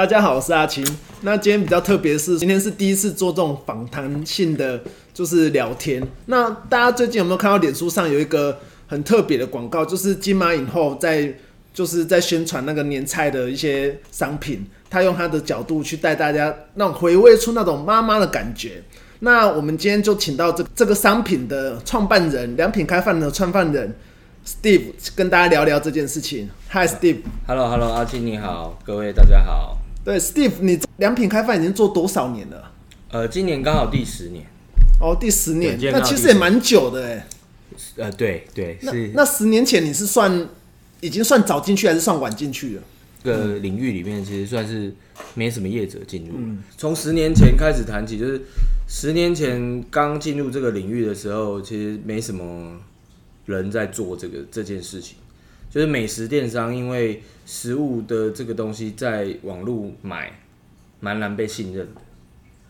大家好，我是阿青。那今天比較特別的是，今天是第一次做這種訪談性的，就是聊天。那大家最近有沒有看到臉書上有一個很特別的廣告，就是金馬影后在就是在宣傳那個年菜的一些商品，她用她的角度去帶大家那種回味出那種媽媽的感覺。那我們今天就請到這個、這個商品的創辦人、良品開飯的創辦人 Steve，跟大家聊聊這件事情。Hi Steve，Hello Hello，阿青你好，各位大家好。對，Steve，你良品開飯已經做多少年了？呃，今年剛好第十年。嗯。哦，第十年，那其實也蠻久的哎。呃，對對，那是那十年前你是算已經算早進去還是算晚進去了？這個領域裡面其實算是沒什麼業者進入。從、嗯嗯、十年前開始談起，就是十年前剛進入這個領域的時候，其實沒什麼人在做這個這件事情。就是美食電商，因為食物的這個東西在網路買，蠻難被信任的。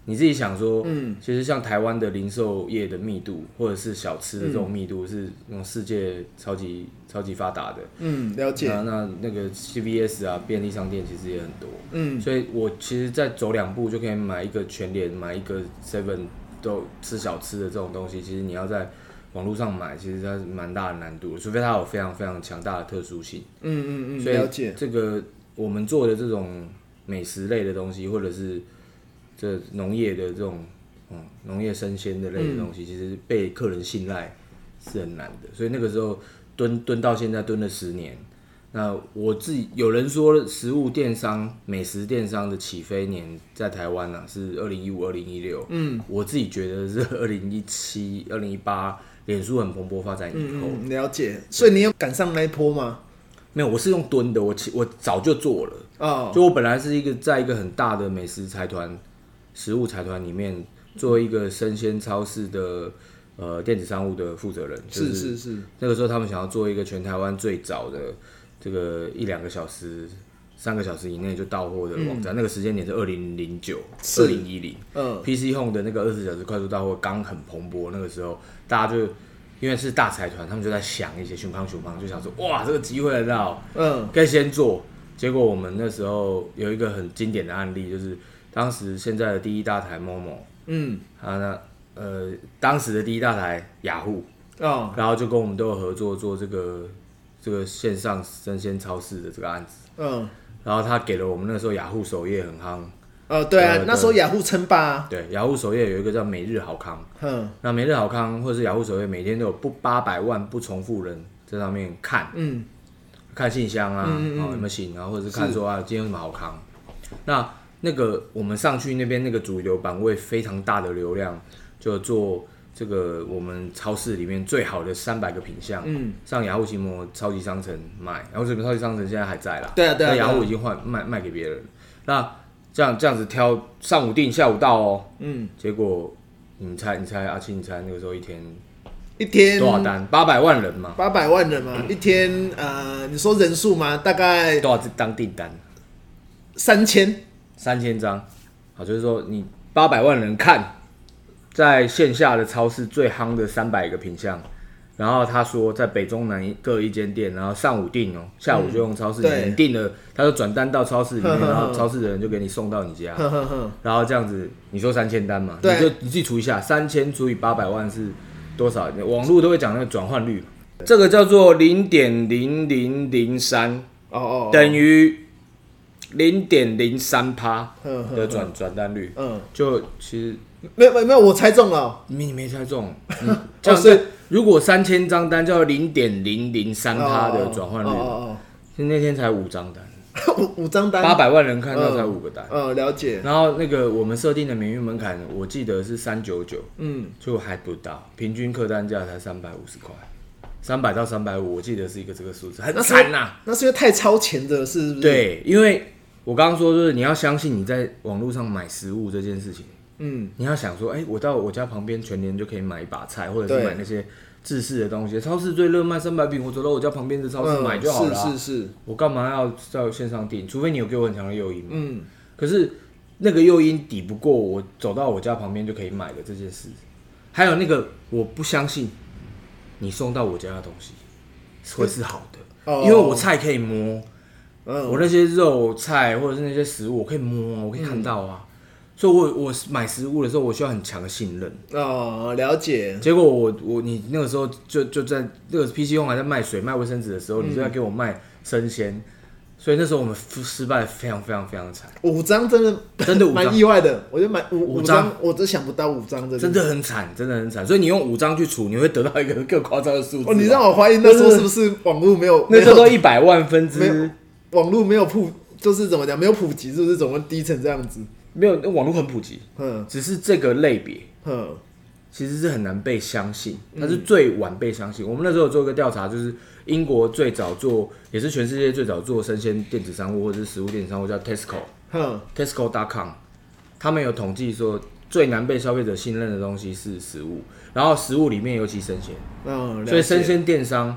你自己想說，嗯，其實像台灣的零售業的密度，或者是小吃的這種密度，是那種世界超級、嗯、超級發達的。嗯，了解。那那個 CVS 啊，便利商店其實也很多。嗯，所以我其實再走兩步就可以買一個全聯，買一個 Seven 都吃小吃的這種東西，其實你要在。網絡上買，其實它是蠻大的難度，除非它有非常非常強大的特殊性。嗯嗯嗯。了解。所以這個我們做的這種美食類的東西，或者是這農業的這種嗯農業生鮮的類的東西，嗯、其實被客人信賴是很難的。所以那個時候蹲蹲到現在蹲了十年。那我自己有人說，食物電商、美食電商的起飛年在台灣呢、啊、是二零一五、二零一六。嗯。我自己覺得是二零一七、二零一八。臉書很蓬勃發展以後，嗯嗯，了解，所以你有趕上那一波嗎？沒有，我是用蹲的，我其我早就做了哦、oh. 就我本來是一個在一個很大的美食財團、食物財團裡面做一個生鮮超市的呃電子商務的負責人、就是，是是是。那個時候他們想要做一個全台灣最早的、oh. 這個一兩個小時。三個小時以內就到貨的網站，嗯、那個時間點是二零零九、二零一零。嗯，PC Home 的那個二十四小時快速到貨剛很蓬勃，那個時候大家就因為是大財團，他們就在想一些熊康、熊康、熊胖就想說，哇，這個機會來得嗯、呃，可以先做。結果我們那時候有一個很經典的案例，就是當時現在的第一大台 MOMO，嗯，啊，那呃，當時的第一大台雅虎，嗯，然後就跟我們都有合作做這個這個線上生鮮超市的這個案子，嗯、呃。然後他給了我們那時候雅虎首頁很夯。哦，哦對啊對對，那時候雅虎稱霸。對，雅虎首頁有一個叫每日好康，那每日好康或者是雅虎首頁每天都有不八百萬不重複人在上面看，嗯，看信箱啊，什、嗯嗯哦、有沒有信，然後或者是看說是啊今天有什麼好康。那那個我們上去那邊那個主流版位非常大的流量就做，這個我們超市裡面最好的三百個品項，嗯，上雅虎奇摩超級商城賣，然後這個超級商城現在還在啦，對啊對啊，雅虎已經換賣賣，賣給別人了。那這樣這樣子挑上午訂下午到哦、喔，嗯，結果你猜你猜阿青你猜那個時候一天一天多少單，八百萬人嘛八百萬人嘛、嗯、一天呃你說人數嘛大概多少張訂單？三千三千張好，就是說你八百萬人看。在線下的超市最夯的三百個品項，然後他說在北中南各一間店，然後上午訂哦，下午就用超市的人訂了，他說轉單到超市裡面，然後超市的人就給你送到你家呵呵呵，然後這樣子你說三千單嘛，你就你自己除一下，三千除以八百萬是多少？網絡都會講那個轉換率，這個叫做零點零零零三，哦哦，等於零點零三趴的轉轉單率，嗯，就其實。沒有沒有，我猜中了。你沒，沒猜中，就、嗯、是、 哦、如果三千張單叫，叫零點零零三它的轉換率。哦哦，就那天才五張單，五五張單，八百萬人看，到才五個單。嗯、哦哦，了解。然後那個我們設定的免運門檻，我記得是三九九。嗯，就還不到，平均客單價才三百五十塊，三百到三百五，我記得是一個這個數字，很慘吶、啊。那是因為太超前的，是不是？對，因為我剛剛說，就是你要相信你在網絡上買食物這件事情。嗯，你要想說，哎、欸，我到我家旁邊全年就可以買一把菜，或者是買那些制式的東西。超市最熱賣三百餅，我走到我家旁邊的超市買就好了、啊嗯。是是是，我幹嘛要到線上訂？除非你有給我很強的誘因。嗯，可是那個誘因抵不過我走到我家旁邊就可以買的這件事。還有那個，我不相信你送到我家的東西會是好的、嗯，因為我菜可以摸、嗯，我那些肉菜或者是那些食物，我可以摸，我可以看到啊。嗯所以，我我買食物的時候，我需要很強的信任哦。了解。結果我，我我你那個時候就就在那個 PC 用還在賣水賣衛生紙的時候，嗯、你就要給我賣生鮮。所以那時候我們失敗非常非常非常慘。五張真的真的蠻意外的，我就買五五張，我真想不到五張真的真的很慘，真的很慘。所以你用五張去除，你會得到一個更誇張的數字。哦，你讓我懷疑那時候是不是網絡沒有，那，沒有那時候一百萬分之沒有網絡沒有普就是怎麼講沒有普及是不是總共會低成這樣子？沒有，那網絡很普及。嗯，只是這個類別，嗯，其實是很難被相信，它是最晚被相信。嗯，我們那時候有做一個調查，就是英國最早做，也是全世界最早做生鮮電子商務或者是食物電子商務，叫 Tesco。嗯，Tesco.com，他們有統計說最難被消費者信任的東西是食物，然後食物裡面尤其生鮮。嗯，所以生鮮電商，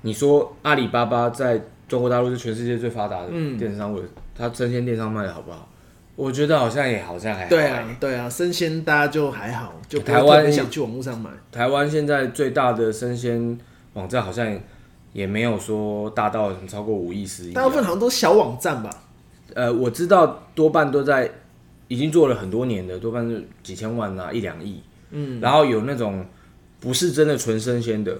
你說阿里巴巴在中國大陸是全世界最發達的電子商務，嗯，它生鮮電商賣的好不好？我覺得好像也好像還好對啊對啊，生鮮大家就還好，就、欸、台灣想去網絡上買。台灣現在最大的生鮮網站好像也沒有說大到超過五億十億，大部分好像都是小網站吧、嗯網站億億啊。呃，我知道多半都在已經做了很多年的，多半是幾千萬啊一兩億。嗯，然後有那種不是真的純生鮮的，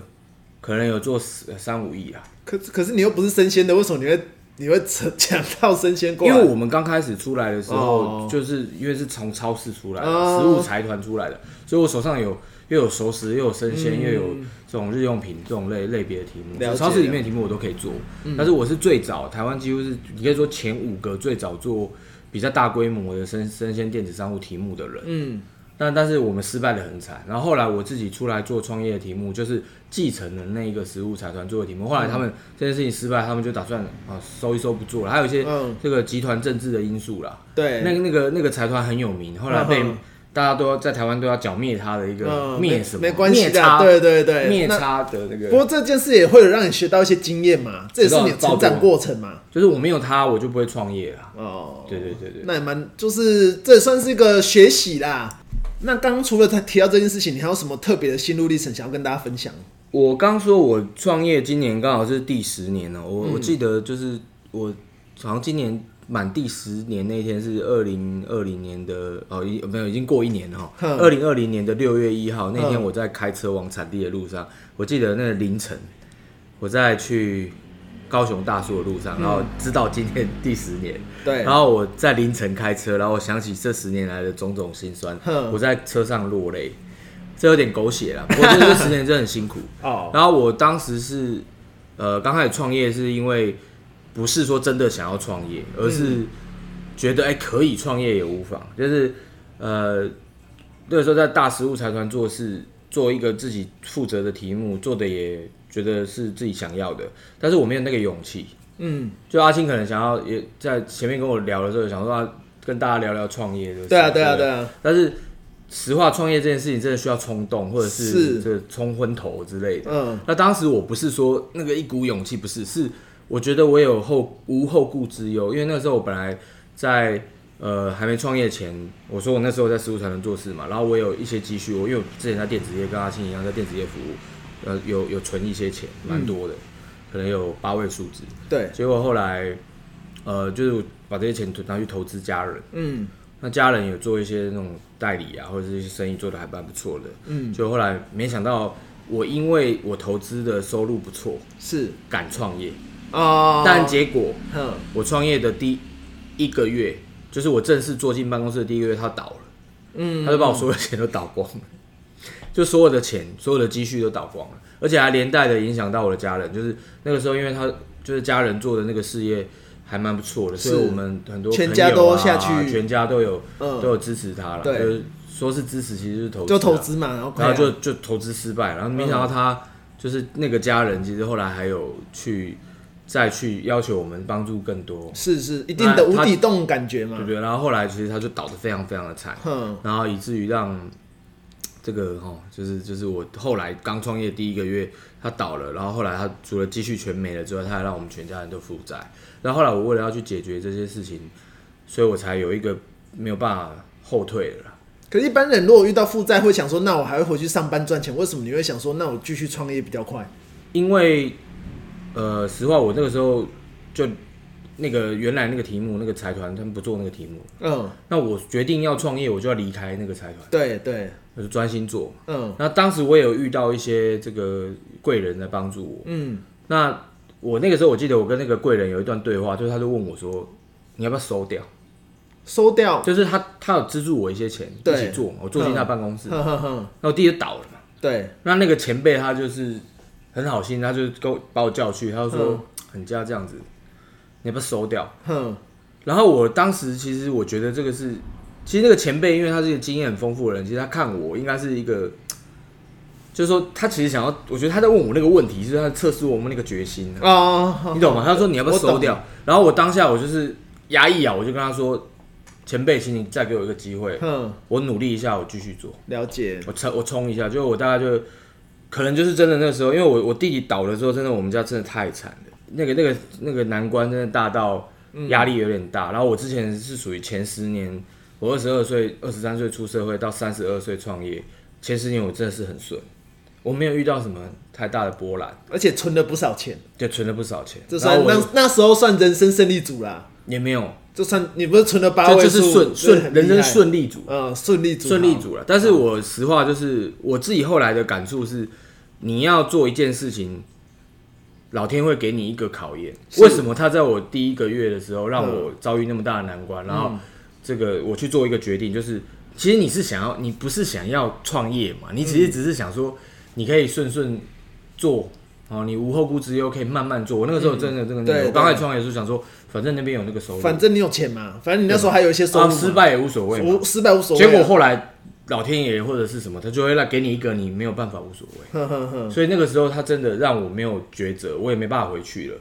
可能有做三五億啊。可是可是你又不是生鮮的，為什麼你會？你會講到生鮮？因為我們剛開始出來的時候，就是因為是從超市出來，食物財團出來的，所以我手上有又有熟食，又有生鮮，又有這種日用品這種類類別的題目。超市裡面的題目我都可以做，但是我是最早，台灣幾乎是你可以說前五個最早做比較大規模的生生鮮電子商務題目的人。嗯。但但是我們失敗得很慘，然後後來我自己出來做創業的題目，就是繼承了那一個食物財團做的題目。後來他們這件事情失敗，他們就打算啊、哦、收一收不做了。還有一些這個集團政治的因素啦，對、嗯，那個那個那個財團很有名，後來被大家都要在台灣都要剿滅他的一個滅、嗯、什麼？沒關係對，對對對，滅差的、那個。不過這件事也會讓你學到一些經驗嘛，這也是你成長過程嘛。就是我沒有他，我就不會創業了。哦、嗯，對對對對，那也蠻就是這也算是一個學習啦。那剛除了他提到這件事情，你還有什麼特別的心路歷程想要跟大家分享？我剛說，我創業今年剛好是第十年了。喔。我、嗯、我記得，就是我好像今年滿第十年那天是二零二零年的，哦，沒有已經過一年了哈。喔。二零二零年的六月一號那天，我在開車往產地的路上，我記得那個凌晨，我在去。高雄大樹的路上，然後直到今天第十年、嗯，對，然後我在凌晨開車，然後我想起這十年來的種種辛酸，我在車上落淚，這有點狗血了。我覺得這十年真的很辛苦、 哦、然後我當時是，呃，剛開始創業是因為不是說真的想要創業，而是覺得哎、嗯、可以創業也無妨，就是呃那個時候在大食物財團做事，做一個自己負責的題目，做的也。覺得是自己想要的，但是我沒有那個勇氣。嗯，就阿青可能想要也在前面跟我聊的時候，想說跟大家聊聊創業，就是對啊。對啊，對啊，對啊。但是實話，創業這件事情真的需要衝動，或者是是衝昏頭之類的。嗯。那當時我不是說那個一股勇氣，不是，是我覺得我有後無後顧之憂，因為那時候我本來在呃還沒創業前，我說我那時候在食物才能做事嘛，然後我有一些積蓄，我因為我之前在電子業跟阿青一樣在電子業服務。有有存一些錢，蠻多的，嗯，可能有八位數字。對，結果後來，呃，就是把這些錢拿去投資家人。嗯，那家人有做一些那種代理啊，或者是一些生意做得還蠻不錯的。嗯，就後來沒想到，我因為我投資的收入不錯，是敢創業。哦，但結果，哼，我創業的第一個月，就是我正式坐進辦公室的第一個月，他倒了。嗯，他就把我所有錢都倒光了。就所有的錢，所有的積蓄都倒光了，而且還連帶的影響到我的家人。就是那個時候，因為他就是家人做的那個事業還蠻不錯的，所以我們很多朋友，啊、全家都下去，啊、全家都有，呃、都有支持他了。對，就是，說是支持，其實是投就投資嘛，okay 啊，然後然後就就投資失敗，然後沒想到他，呃、就是那個家人，其實後來還有去再去要求我們幫助更多，是是一定的無底洞感覺嘛，對不對，對？然後後來其實他就倒得非常非常的慘，然後以至於讓。這個哈、哦，就是就是我後來剛創業第一個月，他倒了，然後後來他除了積蓄全沒了之外，他還讓我們全家人都負債。然後後來我為了要去解決這些事情，所以我才有一個沒有辦法後退的啦。可是一般人如果遇到負債會想說，那我還會回去上班賺錢，為什麼你會想說，那我繼續創業比較快？因為，呃，實話我那個時候就。那個原來那個題目，那個財團他們不做那個題目。嗯，那我決定要創業，我就要離開那個財團。對對，我就專心做。嗯，那當時我也有遇到一些這個貴人來幫助我。嗯，那我那個時候我記得我跟那個貴人有一段對話，就是他就問我說：“你要不要收掉？收掉？就是他他有資助我一些錢對一起做，我住進他辦公室、嗯然後我弟嗯嗯嗯，那我弟就倒了嘛。對，那那個前輩他就是很好心，他就給我把我叫去，他就說很加、嗯、這樣子。”你要不要收掉？哼。然後我當時其實我覺得這個是，其實那個前輩，因為他是一個經驗很豐富的人，其實他看我應該是一個，就是說他其實想要，我覺得他在問我那個問題，就是他在測試我們那個決心哦，你懂嗎？哦、他說你要不要收掉？然後我當下我就是壓抑啊，我就跟他說：“前輩，請你再給我一個機會。哼，我努力一下，我繼續做。了解。我衝我衝一下，就我大概就可能就是真的那時候，因為我我弟弟倒的時候，真的我們家真的太慘了。”那個那個那個難關真的大到壓力有點大，嗯、然後我之前是屬於前十年，我二十二歲、二十三歲出社會到三十二歲創業，前十年我真的是很順，我沒有遇到什麼太大的波瀾，而且存了不少錢，就存了不少錢，這算那那時候算人生勝利組啦，也沒有，就算你不是存了八位數，就，就是順順人生順利組，嗯，順利組順利組了。但是我實話就是、嗯、我自己後來的感觸是，你要做一件事情。老天會給你一個考驗。為什麼他在我第一個月的時候讓我遭遇那麼大的難關？嗯、然後這個我去做一個決定，就是其實你是想要，你不是想要創業嘛？你其實只是想說，你可以順順做哦，然後你無後顧之憂，可以慢慢做。我那個時候真的真的、真的，嗯對，我剛開始創業的時候想說，反正那邊有那個收入，反正你有錢嘛，反正你那時候還有一些收入、哦，失敗也無所謂，失敗無所謂。結果後來。老天爺或者是什麼，他就會來給你一個你沒有辦法，無所謂。所以那個時候，他真的讓我沒有抉擇，我也沒辦法回去了。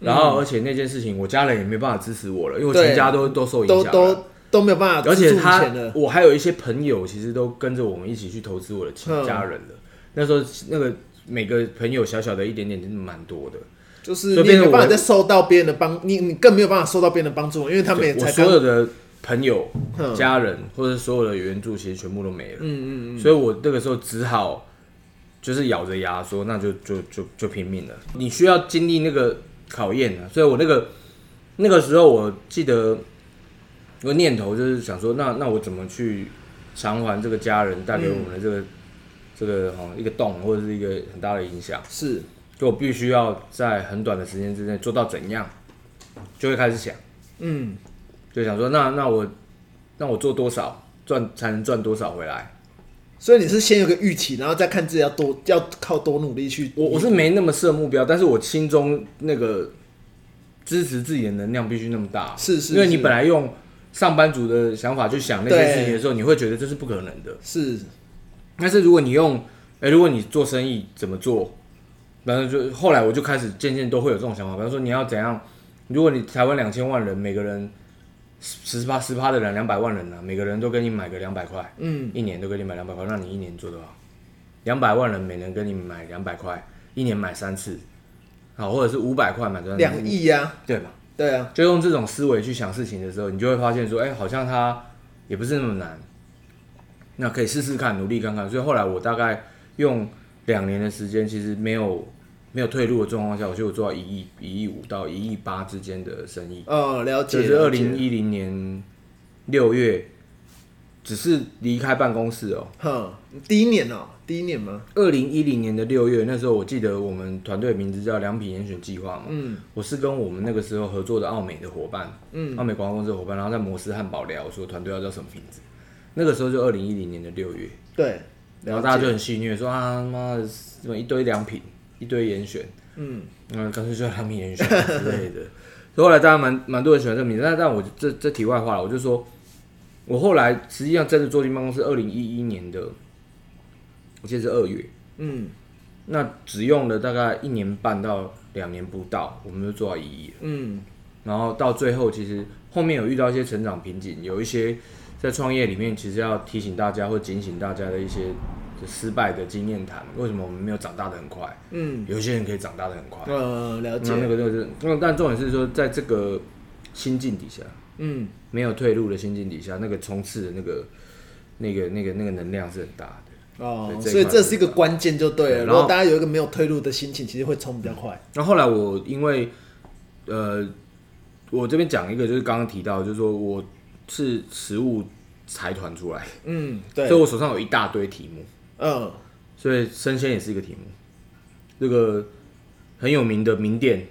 嗯、然後，而且那件事情，我家人也沒辦法支持我了，因為我全家都都受影響，都都，都沒有辦法，有辦法。而且他，我還有一些朋友，其實都跟着我們一起去投資我的親家人了、嗯。那時候，那個每個朋友小小的一點點，真的蠻多的，就是沒有辦法再受到別人的幫、嗯，你你更沒有辦法受到別人的幫助，因為他們也才所有的。朋友、家人或者所有的援助，其實全部都沒了。嗯嗯嗯，所以我那個時候只好就是咬着牙說，那就就就就拼命了。你需要經歷那個考驗啊。所以我那個那個時候，我記得我念頭就是想說，那那我怎麼去償還這個家人帶給我們的這個、嗯、這個、嗯、一個洞或者是一個很大的影響？是，所以我必須要在很短的時間之內做到怎樣，就會開始想，嗯。就想說，那那我，那我做多少賺才能賺多少回來？所以你是先有個預期，然後再看自己要多要靠多努力去。我我是沒那麼設目標，但是我心中那個支持自己的能量必須那麼大。是，是是因為你本來用上班族的想法去想那些事情的時候，你會覺得這是不可能的。是，但是如果你用，哎、欸，如果你做生意怎麼做？反正就後來我就開始漸漸都會有這種想法。比方說你要怎樣？如果你台灣兩千萬人，每個人。十八十八的人，兩百萬人呢、啊，每個人都給你買個兩百塊，嗯，一年都給你買兩百塊，那你一年做多少？兩百萬人，每人給你買兩百塊，一年買三次，好，或者是五百塊買三次，兩億呀，對吧？對啊，就用這種思維去想事情的時候，你就會發現說，哎、欸，好像它也不是那麼難，那可以試試看，努力看看。所以後來我大概用兩年的時間，其實沒有。沒有退路的狀況下，我就有做到一億、一億五到一億八之間的生意。哦，了解，就是二零一零年六月，只是離開辦公室哦。哼，第一年哦，第一年嗎？二零一零年的六月，那時候我記得我們團隊名字叫“良品嚴選計劃”嘛。嗯，我是跟我們那個時候合作的奧美的夥伴，嗯，奧美廣告公司的夥伴，然後在摩斯漢堡聊，說團隊要叫什麼名字？那個時候就二零一零年的六月。對，然後大家就很戲謔，說：“啊，他媽的，一堆良品。”一堆嚴選，嗯，啊，乾脆就讓他們嚴選之類的。 所以後來大家蠻蠻多人喜歡這個名字，但但我這這題外話了，我就說，我後來實際上正式坐進辦公室，二零一一年的，我記得是二月，嗯，那只用了大概一年半到兩年不到，我們就做到一億了，嗯，然後到最後，其實後面有遇到一些成長瓶頸，有一些在創業裡面，其實要提醒大家或警醒大家的一些。就失敗的經驗談，為什麼我們沒有長大的很快？嗯，有些人可以長大的很快。呃，了解。那個個但，重點是說，在這個心境底下，嗯，沒有退路的心境底下，那個衝刺的那個、那個、那個、那個能量是很大的。哦，所以這，一是，這，這是一個關鍵，就對了。對，然後如果大家有一個沒有退路的心情，其實會衝比較快。那後，後來我因為，呃，我這邊講一個，就是剛剛提到，就是說我是食物財團出來，嗯，對，所以我手上有一大堆題目。嗯、uh,，所以生鮮也是一個題目，這個很有名的名店、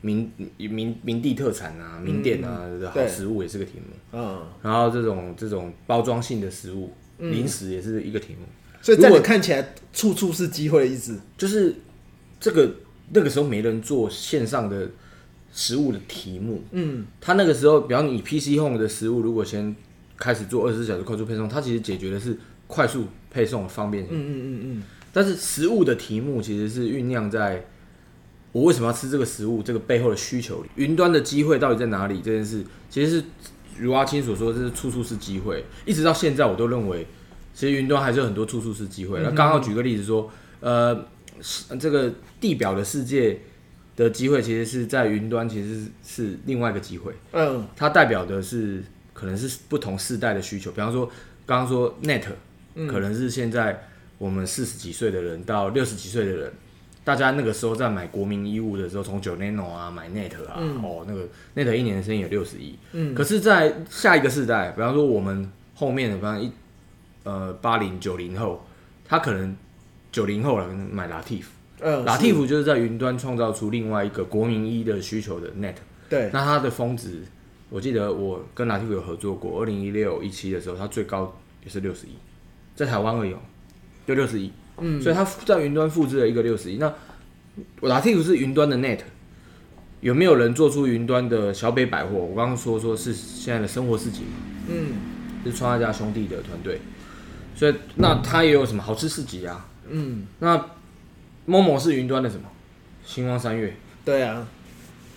名名名地特產啊、嗯、名店啊的好食物也是一個題目。嗯、uh,，然後這種這種包裝性的食物、uh, 零食也是一個題目。所以在我看起來處處是機會的意思，就是這個那個時候沒人做線上的食物的題目。嗯，他那個時候，比方你 PC home 的食物，如果先開始做二十四小時快速配送，它其實解決的是。快速配送方便性。嗯嗯嗯嗯，但是食物的題目其實是醞釀在我為什麼要吃這個食物，這個背後的需求，雲端的機會到底在哪裡？這件事其實是如阿青所說，這是處處是機會。一直到現在，我都認為，其實雲端還是有很多處處是機會。那剛好舉個例子說，呃，這個地表的世界的機會，其實是在雲端，其實是另外一個機會。嗯，它代表的是可能是不同世代的需求，比方說剛剛說 Net。可能是現在我們四十幾歲的人到六十幾歲的人，大家那個時候在買國民衣物的時候，從 Jono 啊買 Net 啊，嗯、哦那個 Net 一年的生意有六十億，嗯，可是，在下一個世代，比方說我們後面的，比方一呃八零九零後，他可能九零後了、呃，買 Latif，Latif 就是在雲端創造出另外一個國民衣的需求的 Net，對，那它的峰值，我記得我跟 Latif 有合作過，二零一六一七的時候，它最高也是六十億。在台灣而已，就六十億，嗯，所以他在雲端複制了一個六十億。那我拿題目是雲端的 Net，有沒有人做出雲端的小北百貨？我剛剛說說是現在的生活市集，嗯，是創業家兄弟的團隊，所以那他也有什麼好吃市集啊？嗯，那 momo 是雲端的什麼？新光三越，對啊，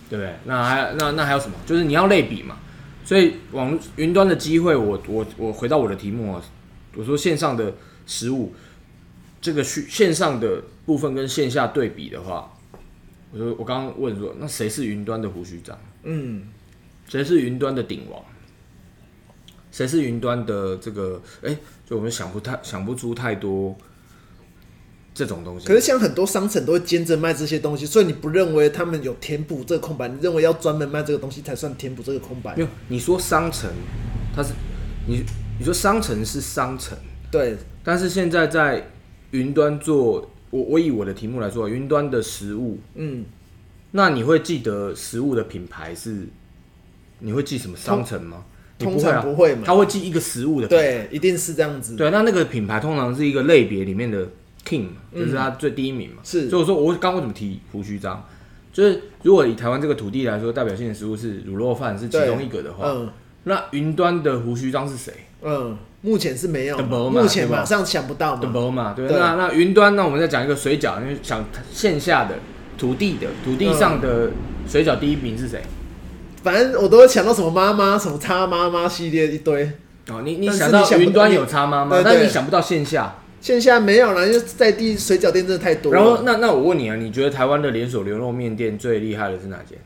對不對？那還那那還有什麼？就是你要類比嘛。所以往雲端的機會我，我我我回到我的題目。我說線上的食物，這個去線上的部分跟線下對比的話，我說我剛剛問說，那誰是雲端的鬍鬚張？嗯，誰是雲端的鼎王？誰是雲端的這個？哎、欸，就我們想不太想不出太多這種東西。可是像很多商城都會兼着賣這些東西，所以你不認為他們有填補這個空白？你認為要專門賣這個東西才算填補這個空白？沒有，你說商城，它是你。你說商城是商城，對。但是現在在雲端做，我我以我的題目來說，雲端的食物，嗯，那你會記得食物的品牌是？你會記什麼商城嗎？通，通常你不會啊，不會嘛，他會記一個食物的品牌，對，一定是這樣子。對，那那個品牌通常是一個類別裡面的 king，就是它最第一名嘛。嗯，是。所以我說我剛為什麼提鬍鬚張，就是如果以台灣這個土地來說，代表性的食物是滷肉飯，是其中一個的話。那雲端的鬍鬚章是誰？嗯，目前是沒有。的。目前馬上想不到嘛。嘛對，對，那那雲端，那我們再講一個水餃，因為想線下的土地的土地上的水餃第一名是誰？嗯？反正我都會想到什麼媽媽，什麼叉媽媽系列一堆。哦，你你想到雲端有叉媽媽，那你，你想不到線下？線下沒有了，因為在地水餃店真的太多。然後那那我問你啊，你覺得台灣的連鎖牛肉麵店最厲害的是哪間？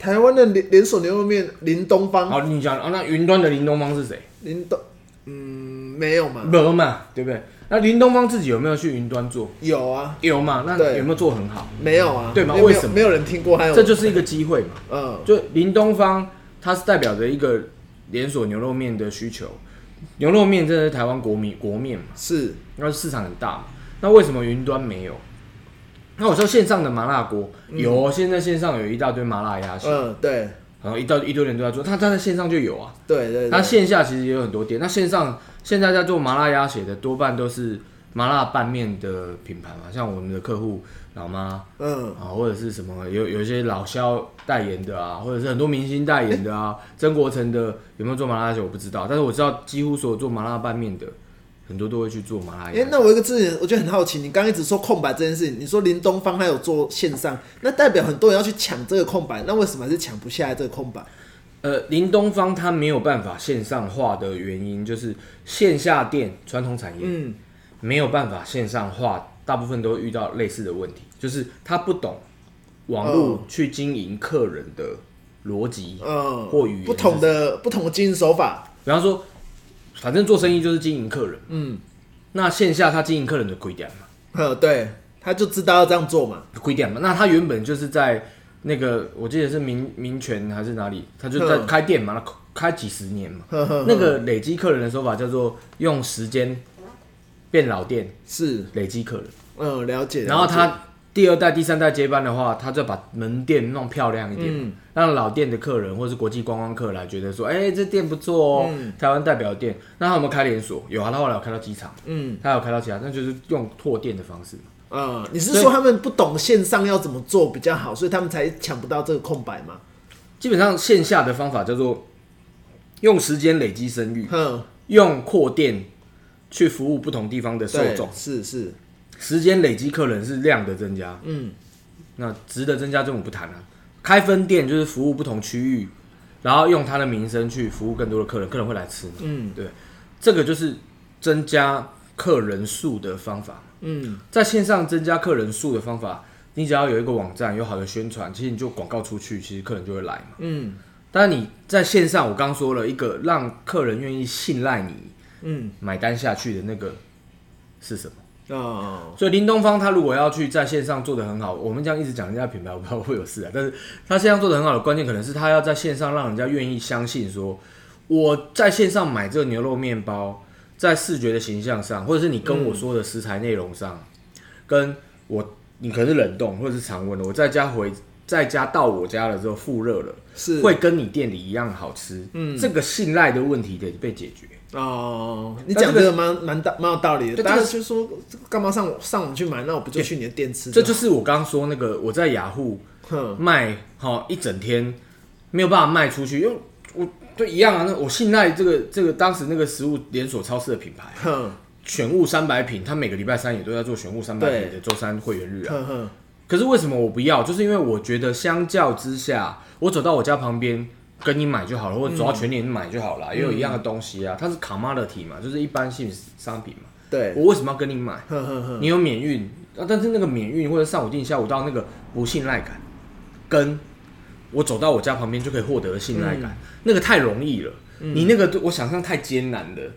台灣的連連鎖牛肉麵林東方，哦，你講哦。那雲端的林東方是誰？林東，嗯，沒有嘛？沒有嘛，對不對？那林東方自己有沒有去雲端做？有啊，有嘛？那有沒有做很好？沒有啊，對嗎？為什麼？沒有，沒有人聽過，還有這就是一個機會嘛。嗯，就林東方它是代表着一個連鎖牛肉麵的需求，牛肉麵真的是台灣國民國麵嘛？是，那市場很大嘛？那為什麼雲端沒有？那我知道線上的麻辣鍋、嗯、有，現在線上有一大堆麻辣鴨血。嗯，對。然後一到一堆人都在做他，他在線上就有啊。對對，對。他線下其實也有很多店。那線上現在在做麻辣鴨血的，多半都是麻辣拌麵的品牌嘛，像我們的客戶老媽，嗯，啊，或者是什麼有有一些老肖代言的啊，或者是很多明星代言的啊。曾 國城的有沒有做麻辣鴨血我不知道，但是我知道幾乎所有做麻辣拌麵的。很多都會去做麻辣哎、欸，那我一個字己，我覺得很好奇，你剛一直說空白這件事情，你說林東方還有做線上，那代表很多人要去搶這個空白，那為什麼還是搶不下這個空白？呃，林東方他沒有辦法線上化的原因，就是線下店傳統產業，嗯，沒有辦法線上化，大部分都會遇到類似的問題，就是他不懂網絡去經營客人的邏輯，嗯，或語言不同的不同的經營手法，比方說。反正做生意就是經營客人，嗯，那線下他經營客人的規定嘛，呃，對，他就知道要這樣做嘛，規定嘛。那他原本就是在那個，我記得是民民權還是哪裡，他就在開店嘛，開幾十年嘛，呵呵呵那個累積客人的說法叫做用時間變老店，是累積客人，嗯、呃，了解。然後他。第二代、第三代接班的話，他就把門店弄漂亮一點，嗯、讓老店的客人或是國際觀光客來覺得說：“哎、欸，這店不錯哦、喔嗯，台灣代表店。”那他有沒有開連鎖？有啊，他後來有開到機場，嗯，他有開到其他，那就是用拓店的方式。嗯，你是說他們不懂線上要怎麼做比較好，所以他們才搶不到這個空白嗎？基本上線下的方法叫做用時間累積聲譽，用拓店去服務不同地方的受眾，是是。時間累積客人是量的增加，嗯，那值的增加這種不談了、啊。開分店就是服務不同區域，然後用他的名聲去服務更多的客人，客人會來吃嘛，嗯，對，這個就是增加客人數的方法。嗯，在線上增加客人數的方法，你只要有一個網站，有好的宣傳，其實你就廣告出去，其實客人就會來嘛，嗯。但你在線上，我剛說了一個讓客人願意信賴你，嗯，買單下去的那個是什麼？啊、oh, 所以林東方他如果要去在線上做的很好，我們這樣一直講人家品牌，我不知道會有事啊。但是他現在做的很好的關鍵可能是他要在線上讓人家願意相信說，說我在線上買這個牛肉麵包，在視覺的形象上，或者是你跟我說的食材內容上，嗯、跟我你可能是冷凍或者是常溫的，我在家回在家到我家了之後復熱了，是會跟你店裡一樣好吃。嗯，這個信賴的問題得被解決。哦、oh, 這個，你講的蠻蠻蠻有道理的，但、這個、是大家就是說幹嘛上上網去買？那我不就去你的店吃？Yeah, 這就是我剛剛說那個，我在雅虎賣哈一整天沒有辦法賣出去，因為我就一樣啊。那我信賴這個這個當時那個食物連鎖超市的品牌，選物三百品，他每個禮拜三也都在做選物三百品的周三會員日啊呵呵。可是為什麼我不要？就是因為我覺得相較之下，我走到我家旁邊。跟你買就好了，或者走到全聯買就好了，也、嗯、有一樣的東西啊。它是 commodity 嘛，就是一般性商品嘛。對，我為什麼要跟你買？呵呵呵，你有免運、啊、但是那個免運或者上午定下午到那個不信賴感，跟我走到我家旁邊就可以獲得信賴感、嗯，那個太容易了。嗯、你那個我想象太艱難了、嗯，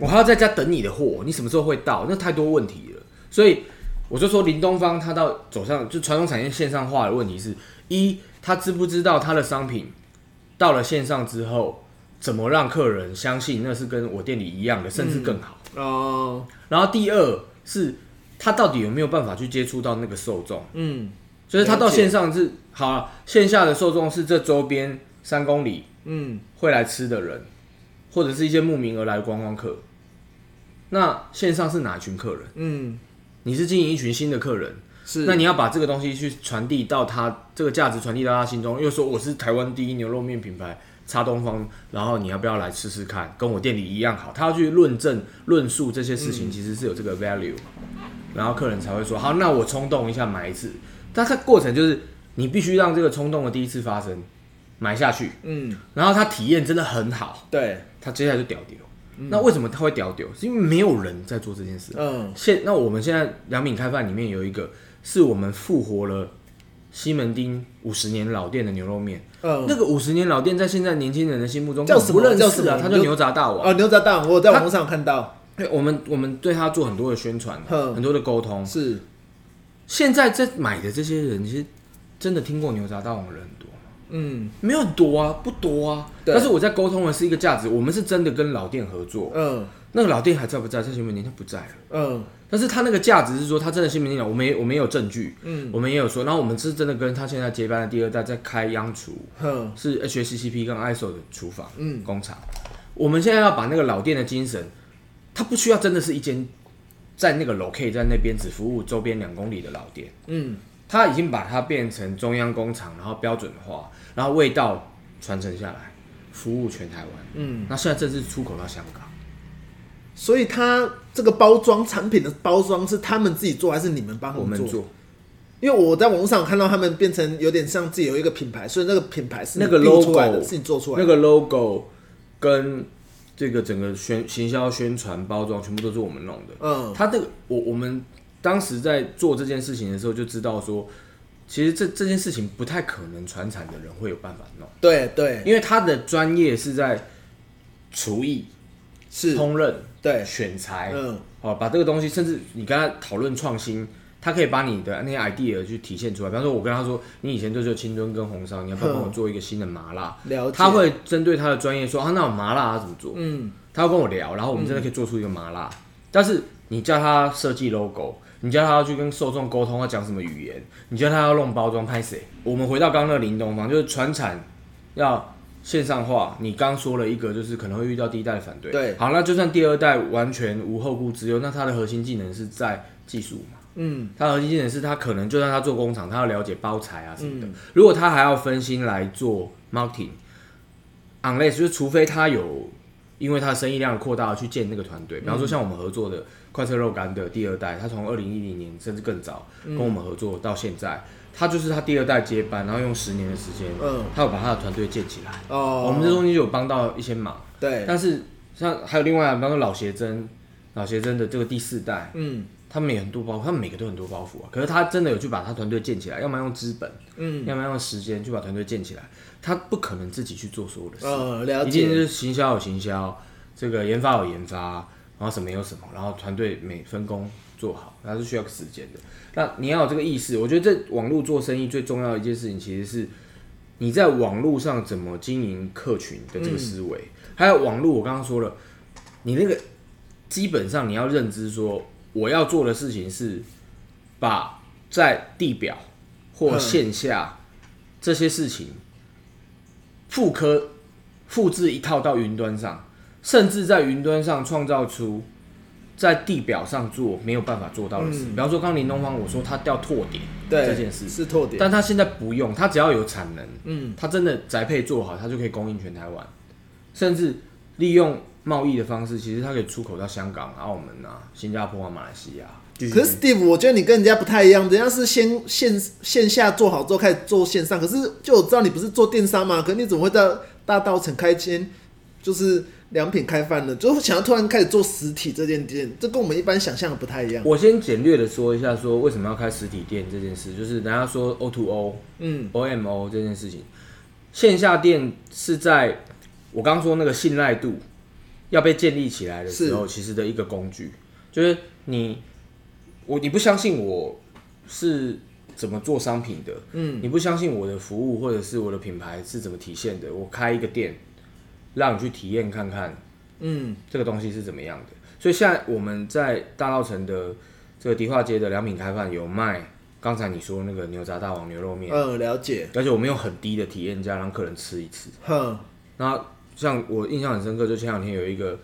我還要在家等你的貨，你什麼時候會到？那太多問題了。所以我就說，林東方他到走上就傳統產業線上化的問題是：一，他知不知道他的商品？到了線上之後，怎麼讓客人相信那是跟我店裡一樣的，甚至更好？哦、嗯、呃。然後第二是，他到底有沒有辦法去接觸到那個受眾？嗯。所以、就是、他到線上是好了，線下的受眾是這周邊三公里，嗯，會來吃的人，或者是一些慕名而來的觀光客。那線上是哪群客人？嗯，你是經營一群新的客人。是，那你要把這個東西去傳遞到他，這個價值傳遞到他心中，又說我是台灣第一牛肉麵品牌插東方，然後你要不要來試試看，跟我店裡一樣好。他要去論證、論述這些事情、嗯，其實是有這個 value，然後客人才會說好，那我衝動一下買一次。但他過程就是你必須讓這個衝動的第一次發生，買下去，嗯，然後他體驗真的很好，對，他接下來就屌屌、嗯。那為什麼他會屌屌，是因為沒有人在做這件事。嗯，現那我們現在良品開飯裡面有一個。是我們復活了西門町五十年老店的牛肉麵。嗯，那個五十年老店在現在年輕人的心目中他叫什麼？啊？叫牛雜大王啊！牛雜大王，我有在網上有看到。對，我們我們對他做很多的宣傳啊，很多的溝通。是，現在在買的這些人，其實真的聽過牛雜大王的人很多？嗯，沒有多啊，不多啊。但是我在溝通的是一個價值，我們是真的跟老店合作，嗯。那個老店還在不在？蔡姓文年他不在了。嗯、呃，但是他那個價值是說，他真的姓文年了。我沒，我沒有證據。嗯，我們也有說，然後我們是真的跟他現在接班的第二代在開央廚，哼，是 HACCP 跟 ISO 的廚房，嗯，工廠。我們現在要把那個老店的精神，他不需要真的是一間在那個 locate 在那邊只服務周邊兩公里的老店。嗯，他已經把它變成中央工廠，然後標準化，然後味道傳承下來，服務全台灣。嗯，那現在正式出口到香港。所以，他這個包裝產品的包裝是他們自己做，還是你們幫他們做？我們做。因為我在網絡上看到他們變成有點像自己有一個品牌，所以那個品牌是那個 logo 是你做出來的，那個 logo 跟這個整個宣行銷、宣傳、包裝全部都是我們弄的。嗯，他這個我我們當時在做這件事情的時候就知道說，其實這這件事情不太可能傳產的人會有辦法弄。對對，因為他的專業是在廚藝，是烹飪。對，選材，嗯，好，把這個東西，甚至你跟他討論創新，他可以把你的那些 idea 去體現出來。比方說，我跟他說，你以前就是清燉跟紅燒，你要不要幫我做一個新的麻辣？了解。他會針對他的專業說啊，那我麻辣他怎麼做？嗯，他會跟我聊，然後我們真的可以做出一個麻辣。嗯、但是你叫他設計 logo，你叫他要去跟受眾溝通要講什麼語言，你叫他要弄包裝、拍攝？我們回到剛剛那個林東方，就是傳產要。線上化，你剛說了一個，就是可能會遇到第一代的反對。對，好，那就算第二代完全無後顧之憂，那他的核心技能是在技術嘛？嗯，他的核心技能是他可能就算他做工廠，他要了解包材啊什麼的、嗯。如果他還要分心來做 marketing，unless 就是除非他有，因為他的生意量擴大了去建那個團隊。比方說像我們合作的快車肉乾的第二代，他從二零一零年甚至更早跟我們合作到現在。嗯他就是他第二代接班，然後用十年的時間，嗯、呃，他有把他的團隊建起來。哦，我們這中間有幫到一些忙，對。但是像還有另外，比方說老協珍、老協珍的這個第四代，嗯，他們也很多包袱，他們每個都有很多包袱啊。可是他真的有去把他團隊建起來，要麼用資本，嗯，要麼用時間去把團隊建起來。他不可能自己去做所有的事，嗯，了解。一定是行銷有行銷，這個研發有研發，然後什麼有什麼，然後團隊每分工。做好，它是需要個時間的。那你要有這個意識。我覺得這網絡做生意最重要的一件事情，其實是你在網絡上怎麼經營客群的這個思維。嗯、還有網絡，我剛剛說了，你那個基本上你要認知說，我要做的事情是把在地表或線下這些事情復刻、複制一套到雲端上，甚至在雲端上創造出。在地表上做沒有辦法做到的事。嗯，比方說剛林東方，我說他掉拓點。嗯，對這件事是拓點，但他現在不用，他只要有產能，嗯，他真的宅配做好，他就可以供應全台灣，甚至利用貿易的方式，其實他可以出口到香港、澳門啊、新加坡啊、馬來西亞。可是 Steve，、嗯、我覺得你跟人家不太一樣，人家是先線線下做好之後開始做線上，可是就我知道你不是做電商嘛？可是你怎麼會在大，大稻埕開間？就是。良品開飯了，就想要突然開始做實體，這件店，這跟我們一般想象的不太一樣。我先簡略的說一下，說為什麼要開實體店這件事，就是大家說 O to O，嗯，O M O 這件事情，線下店是在我剛剛說那個信賴度要被建立起來的時候，其實的一個工具，是就是你，我你不相信我是怎麼做商品的，嗯，你不相信我的服務或者是我的品牌是怎麼體現的，我開一個店。讓你去體驗看看，嗯，這個東西是怎麼樣的。嗯、所以現在我們在大稻埕的這個迪化街的良品開飯有賣剛才你說的那個牛雜大王牛肉麵，嗯，了解。而且我們用很低的體驗價讓客人吃一次。哼、嗯，那像我印象很深刻，就前兩天有一個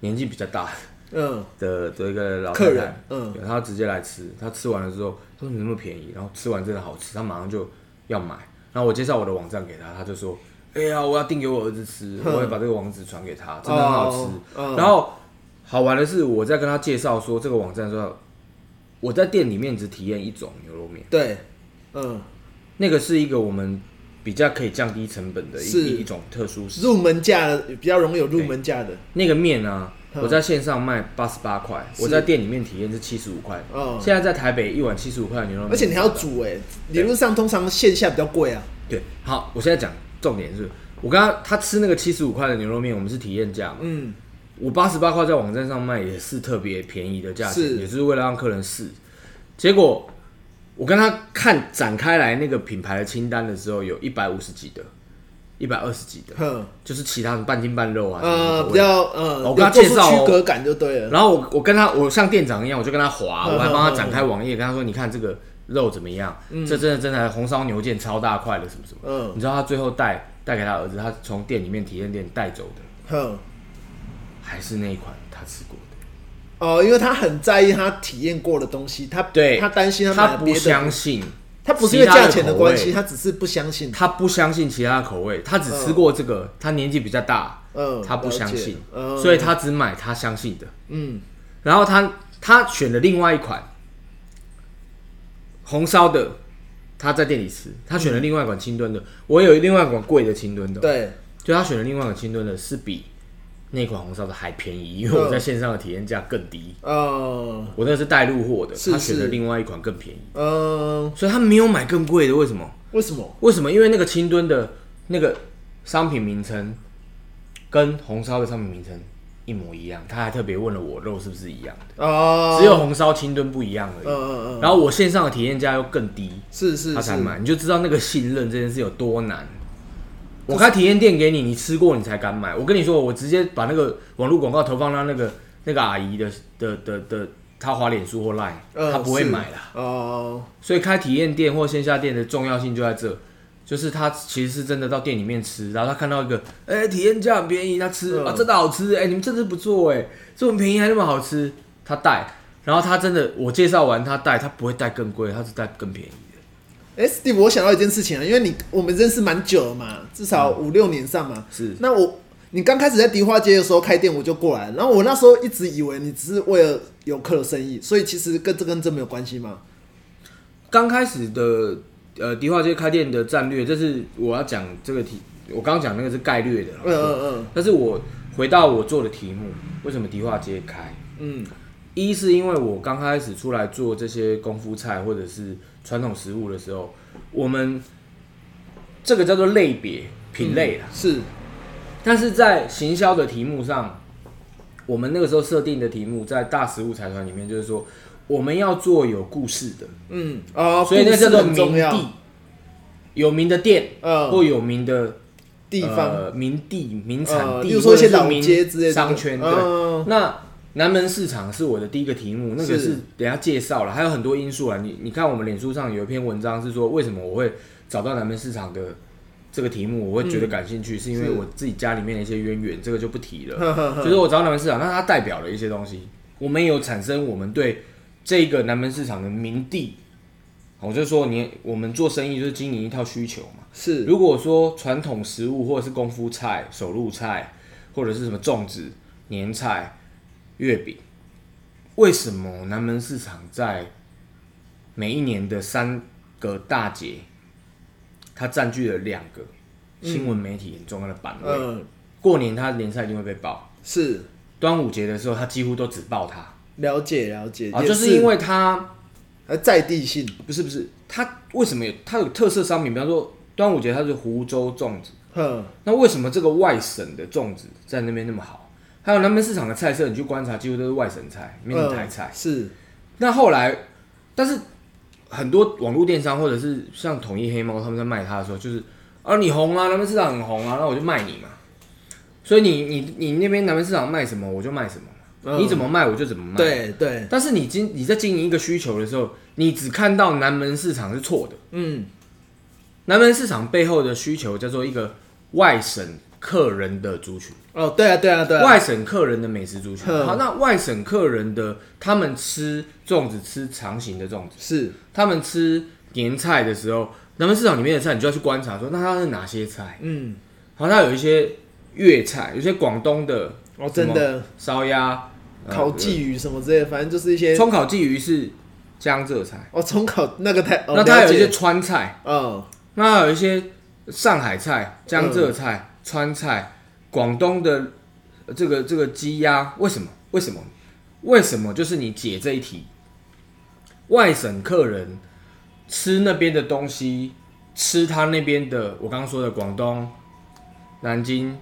年紀比較大的，嗯，的，的一個老太太客人，嗯，他直接來吃，他吃完了之後他說你那麼便宜，然後吃完真的好吃，他馬上就要買。然後我介紹我的網站給他，他就說。哎、欸、呀、啊，我要訂給我兒子吃，我會把這個網址傳給他，真的很好吃。哦哦、然後好玩的是，我在跟他介紹說這個網站的時候，我在店裡面只體驗一種牛肉麵。對，嗯，那個是一個我們比較可以降低成本的一是一種特殊食入門價的，比較容易有入門價的那個面啊、嗯。我在線上賣八十八塊，我在店裡面體驗是七十五塊。哦，現在在台北一碗七十五塊的牛肉麵，而且你還要煮哎、欸，理論上通常線下比較貴啊。對，好，我現在講。重點是我跟他，他吃那個七十五塊的牛肉麵，我們是體驗價嘛。嗯，我八十八塊在網站上賣也是特別便宜的價格，也是為了讓客人試。結果我跟他看展開來那個品牌的清單的時候有150，有一百五十幾的，一百二十幾的，就是其他的半筋半肉啊，呃，比較呃，我跟他介紹，區隔感就對了。然後我我跟他，我像店長一樣，我就跟他滑，我還幫他展開網頁，跟他說，你看這個。肉怎麼樣？嗯，這真的真的紅燒牛腱超大塊的，什麼什麼，嗯，你知道他最後帶帶給他兒子，他從店裡面體驗店帶走的，哼，還是那一款他吃過的，哦，因為他很在意他體驗過的東西，他對他擔心他不相信，他不是因為價錢的關係，他只是不相信，他不相信其他的口味，他只吃過這個，他、嗯、年紀比較大、嗯，他不相信、嗯，了解了，所以他只買他相信的，嗯，然後他他選了另外一款。紅燒的，他在店裡吃，他選了另外一款清燉的。嗯、我也有另外一款貴的清燉的，對，就他選了另外一款清燉的，是比那款紅燒的還便宜，因為我在線上的體驗價更低。嗯、呃，我那是帶路貨的，他選的另外一款更便宜。嗯、呃，所以他沒有買更貴的，為什麼？為什麼？為什麼？因為那個清燉的那個商品名稱跟紅燒的商品名稱，一模一樣，他還特別問了我肉是不是一樣的，哦、oh，只有紅燒、清燉不一樣而已。Oh, oh, oh. 然後我線上的體驗價又更低，是是，他才買，你就知道那個信任這件事有多難。我開體驗店給你，你吃過你才敢買。我跟你說，我直接把那個網絡廣告投放到那個那個阿姨的的的的，她劃臉書或 Line，oh, 她不會買的哦。Oh, oh. 所以開體驗店或線下店的重要性就在這。就是他其實是真的到店裡面吃，然後他看到一個，哎、欸，體驗價很便宜，他吃了、嗯、啊，真的好吃，哎、欸，你們這的不錯，哎，這麼便宜還那麼好吃，他帶，然後他真的我介紹完他帶，他不會帶更貴，他是帶更便宜的哎、欸、，Steve，我想到一件事情啊，因為你我們認識蠻久了嘛，至少五六、嗯、年上嘛，是，那我你剛開始在迪化街的時候開店，我就過來，然後我那時候一直以為你只是為了遊客的生意，所以其實跟，跟這跟這沒有關係嘛。剛開始的。呃，迪化街開店的戰略，這是我要講這個題。我剛剛講那個是概略的，嗯嗯嗯。但是我回到我做的題目，為什麼迪化街開？嗯，一是因為我剛開始出來做這些功夫菜或者是傳統食物的時候，我們這個叫做類別品類啦，嗯，是。但是在行銷的題目上，我們那個時候設定的題目，在大食物財團裡面，就是說。我們要做有故事的，嗯哦。所以那叫做名地，有名的店，嗯、呃，或有名的地方，名、呃、地、名產地，或、呃、者說街街之類的商圈。哦、對、哦，那南門市場是我的第一個題目，哦、那個是等下介紹了，還有很多因素啊。你你看，我們臉書上有一篇文章是說，為什麼我會找到南門市場的這個題目，我會覺得感興趣，嗯、是因為我自己家裡面的一些淵源，這個就不提了。就是我找到南門市場，那它代表了一些東西，我們有產生我們對。這個南門市場的名地，我就說你，你我們做生意就是經營一套需求嘛。是，如果說傳統食物或者是功夫菜、手路菜，或者是什麼粽子、年菜、月餅，為什麼南門市場在每一年的三個大節，它占據了兩個新聞媒體很重要的版位？嗯，嗯。過年它年菜一定會被報，是，端午節的時候，它幾乎都只報它。了解了解啊，就是因為它呃在地性不是不是，它為什麼有它有特色商品？比方說端午節它是湖州粽子，嗯，那為什麼這個外省的粽子在那邊那麼好？還有南門市場的菜色，你去觀察，幾乎都是外省菜，沒有台菜，呃。是，那後來，但是很多網絡電商或者是像統一、黑貓他們在賣它的時候，就是啊你紅啊，南門市場很紅啊，那我就賣你嘛。所以你你你那邊南門市場賣什麼，我就賣什麼。你怎麼賣，我就怎麼賣。嗯，對對，但是你經你在經營一個需求的時候，你只看到南門市場是錯的。嗯，南門市場背後的需求叫做一個外省客人的族群。哦，對啊，對啊，對啊，外省客人的美食族群。好，那外省客人的他們吃粽子吃長形的粽子，是他們吃年菜的時候，南門市場裡面的菜，你就要去觀察說那它是哪些菜。嗯，好，那有一些粵菜，有些廣東的哦，真的燒鴨。烤鯽魚什麼之類的，反正就是一些。蔥烤鯽魚是江浙菜哦，蔥烤那個太。哦、那它有一些川菜，哦。那有一些上海菜、江浙菜、呃、川菜、廣東的這個這個雞鴨，為什麼？為什麼？為什麼？就是你解這一題，外省客人吃那邊的東西，吃他那邊的，我剛剛說的廣東、南京、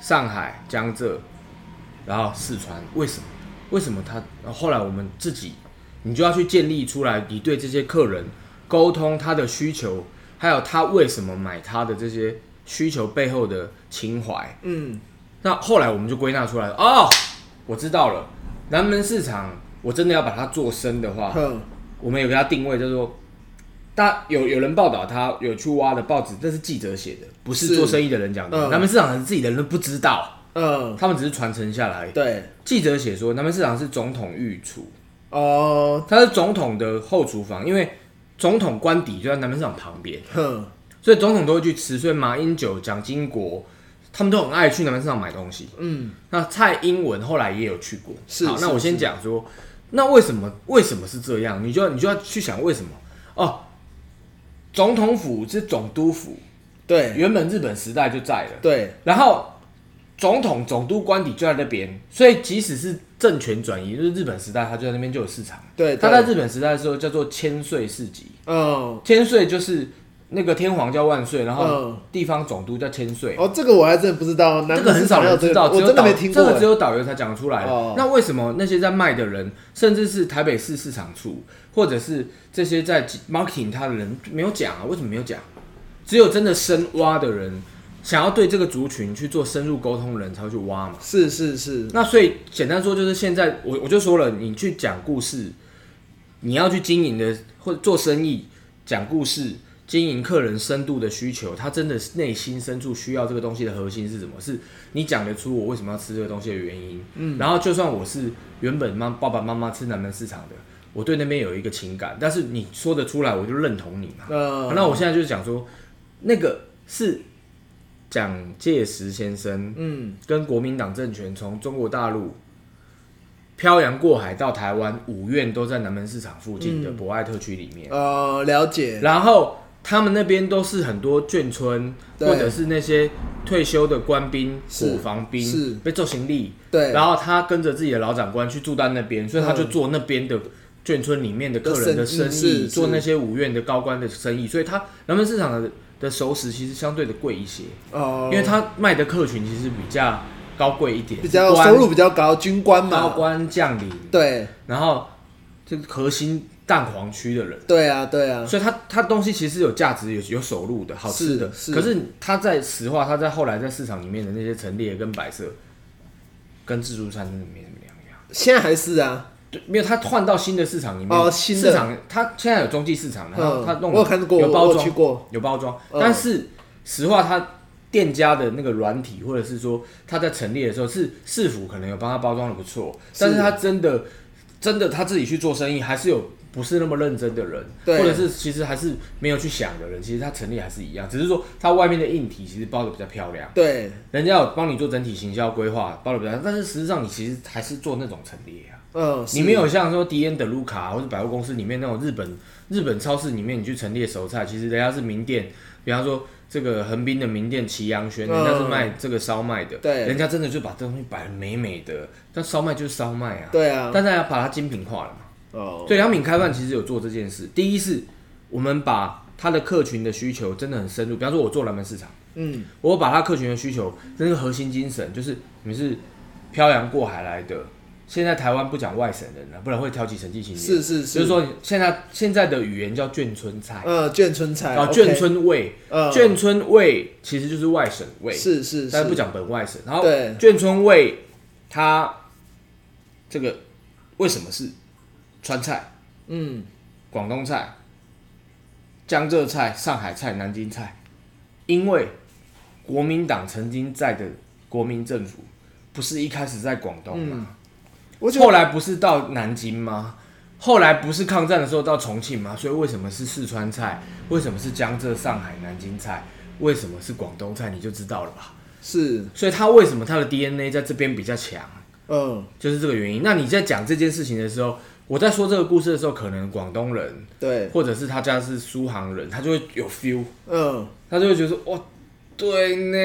上海、江浙。然後四川為什麼？為什麼他，然後後來我們自己，你就要去建立出來，你對這些客人溝通他的需求，還有他為什麼買他的這些需求背後的情懷。嗯，那後來我們就歸納出來，哦，我知道了，南門市場，我真的要把它做深的話，我們有給他定位，就是說，有有人報道他有去挖的報紙，這是記者寫的，不是做生意的人講的，嗯、南門市場還是自己的人都不知道。嗯，他們只是傳承下來。對，記者寫說南門市場是總統御廚哦、呃，他是總統的後廚房，因為總統官邸就在南門市場旁邊，哼，所以總統都會去吃。所以馬英九、蔣經國他們都很愛去南門市場買東西。嗯，那蔡英文後來也有去過。是，好，那我先講說，是是是，那為什麼為什麼是這樣？你就要你就要去想為什麼哦？總統府是總督府，對，原本日本時代就在了，對，然後。總統、總督官邸就在那邊，所以即使是政權轉移，就是日本時代，它就在那邊就有市場。對，他在日本時代的時候叫做“千歲市集”。嗯，千歲就是那個天皇叫萬歲，然後地方總督叫千歲。哦，這個我還真的不知道，這個很少人知道，我真的沒聽過。這個只有導遊才講出來。那為什麼那些在賣的人，甚至是台北市市場處，或者是這些在 marketing 他的人沒有講啊？為什麼沒有講？只有真的深挖的人。想要對這個族群去做深入溝通，人才會去挖嘛？是是是。那所以簡單說，就是現在我我就說了，你去講故事，你要去經營的或做生意，講故事，經營客人深度的需求，他真的內心深處需要這個東西的核心是什麼？是你講得出我為什麼要吃這個東西的原因。嗯，然後就算我是原本媽爸爸媽媽吃南門市場的，我對那邊有一個情感，但是你說得出來，我就認同你嘛。嗯，那我現在就是講說，那個是。蔣介石先生，嗯，跟國民黨政權從中國大陸漂洋過海到台灣，五院都在南門市場附近的博愛特區裡面。呃，了解。然後他們那邊都是很多眷村，或者是那些退休的官兵、伙房兵，是被做行李。對。然後他跟着自己的老長官去住在那邊，所以他就做那邊的眷村裡面的客人的生意，做那些五院的高官的生意。所以他南門市場的。的熟食其實相對的貴一些，哦，oh，因為他賣的客群其實比較高貴一點，比較收入比較高，軍官嘛，高官將領，對，然後就是核心蛋黃區的人，對啊，對啊，所以他他東西其實有價值，有有收入的，好吃的，是是可是他在實話，他在後來在市場裡面的那些陳列跟擺設，跟自助餐真的沒什麼兩樣，現在還是啊。沒有，他換到新的市場裡面，哦、新的市場他現在有中繼市場，然後他弄了有包裝，有包裝。包裝嗯、但是實話，他店家的那個軟體，或者是說他在陳列的時候，是市府可能有幫他包裝的不錯，但是他真的真的他自己去做生意，還是有不是那麼認真的人，或者是其實還是沒有去想的人，其實他陳列還是一樣，只是說他外面的硬體其實包的比較漂亮，對，人家有幫你做整體行銷規劃，包的比較，但是實際上你其實還是做那種陳列、啊。嗯、oh,，你沒有像說迪恩德魯卡或者百貨公司裡面那種日本日本超市裡面你去陳列熟菜，其實人家是名店，比方說這個橫濱的名店崎陽軒，人家是賣這個燒麥的，對、oh,，人家真的就把這東西擺的美美的，但燒麥就是燒麥啊，對啊，但是還要把它精品化了嘛，哦、oh,，所以良品開飯其實有做這件事，嗯、第一是，我們把他的客群的需求真的很深入，比方說我做南門市場，嗯，我把他客群的需求，真的核心精神就是你是漂洋過海來的。現在台灣不講外省人了，不然會挑起省籍情緒。是是是，就是說現在現在的語言叫眷村菜，呃，眷村菜，然、啊 OK、眷村味，呃，眷村味其實就是外省味，是是，是，但是不講本外省。然後對眷村味，它這個為什麼是川菜？嗯，廣東菜、江浙菜、上海菜、南京菜，因為國民黨曾經在的國民政府不是一開始在廣東嗎？嗯。後來不是到南京嗎？後來不是抗戰的時候到重慶嗎？所以為什麼是四川菜？為什麼是江浙上海南京菜？為什麼是廣東菜？你就知道了吧？是，所以他為什麼他的 DNA 在這邊比較強？嗯，就是這個原因。那你在講這件事情的時候，我在說這個故事的時候，可能廣東人對，或者是他家是蘇杭人，他就會有 feel，嗯，他就會覺得說哇，對呢，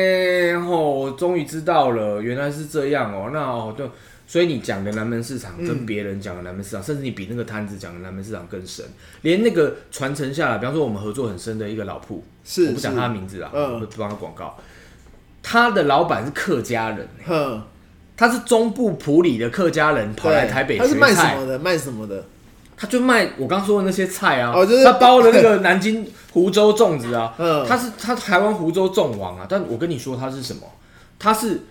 然後我終於知道了，原來是這樣哦、喔，那哦就。所以你講的，的南門市場，跟別人講的南門市場，甚至你比那個攤子講的南門市場更深，連那個傳承下來，比方說我們合作很深的一個老鋪，是，是我不講他的名字啊，嗯、呃，不幫他廣告。他的老闆是客家人、欸呃，他是中部埔里的客家人跑來台北菜，他是賣什麼的？賣什麼的？他就賣我剛說的那些菜啊，哦就是、他包了那個南京湖州粽子啊，呃、他是他台灣湖州粽王啊，但我跟你說他是什麼？他是。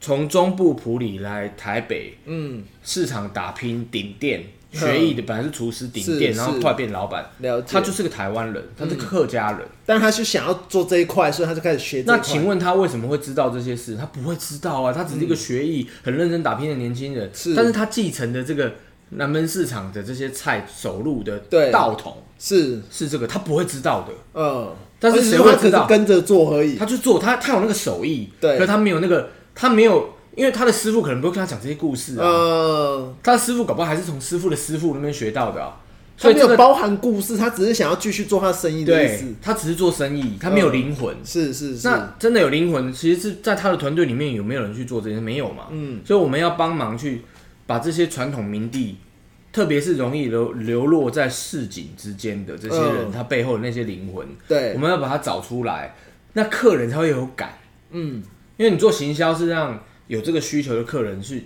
從中部埔里來台北，嗯，市場打拼頂店學藝的，本來是廚師頂店，然後快變老闆。了解，他就是個台灣人、嗯，他是客家人，但他是想要做這一塊，所以他就開始學。那請問他為什麼會知道這些事？他不會知道啊，他只是一個學藝、嗯、很認真打拼的年輕人。是，但是他繼承的這個南門市場的這些菜手路的道統是是這個，他不會知道的。嗯、呃，但是誰會知道？啊就是、他是跟着做而已。他去做，他他有那個手藝，對，可是他沒有那個。他沒有，因為他的師傅可能不會跟他講這些故事啊。呃，他的師傅搞不好還是從師傅的師傅那邊學到的啊，所以真的。他沒有包含故事，他只是想要繼續做他的生意的意思，對。他只是做生意，他沒有靈魂。嗯、是，是是，那真的有靈魂，其實是在他的團隊裡面有沒有人去做這件事？沒有嘛。嗯。所以我們要幫忙去把這些傳統名地，特別是容易流流落在市井之間的這些人、嗯，他背後的那些靈魂，對，我們要把它找出來，那客人才會有感。嗯。因為你做行銷是讓有這個需求的客人是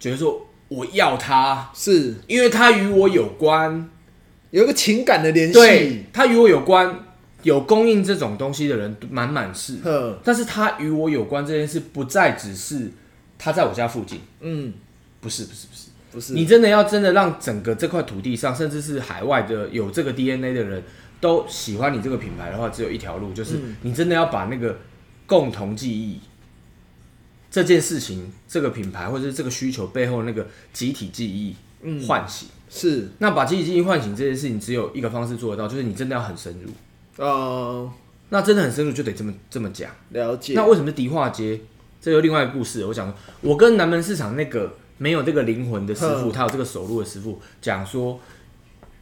覺得說我要他是因為他與我有關，嗯，有一個情感的聯繫。對，他與我有關，有供應這種東西的人滿滿是。但是他與我有關這件事，不再只是他在我家附近。嗯，不是，不是，不是，不是。你真的要真的讓整個這塊土地上，甚至是海外的有這個 DNA 的人都喜歡你這個品牌的話，只有一條路，就是你真的要把那個共同記憶。這件事情，這個品牌或者是這個需求背後那個集體記憶喚醒，嗯、是那把集體記憶喚醒這件事情，只有一個方式做得到，就是你真的要很深入哦、呃。那真的很深入，就得這麼這麼講。了解。那為什麼是迪化街？這又另外一個故事。我想說，我跟南門市場那個沒有這個靈魂的師傅，他有這個手路的師傅講說，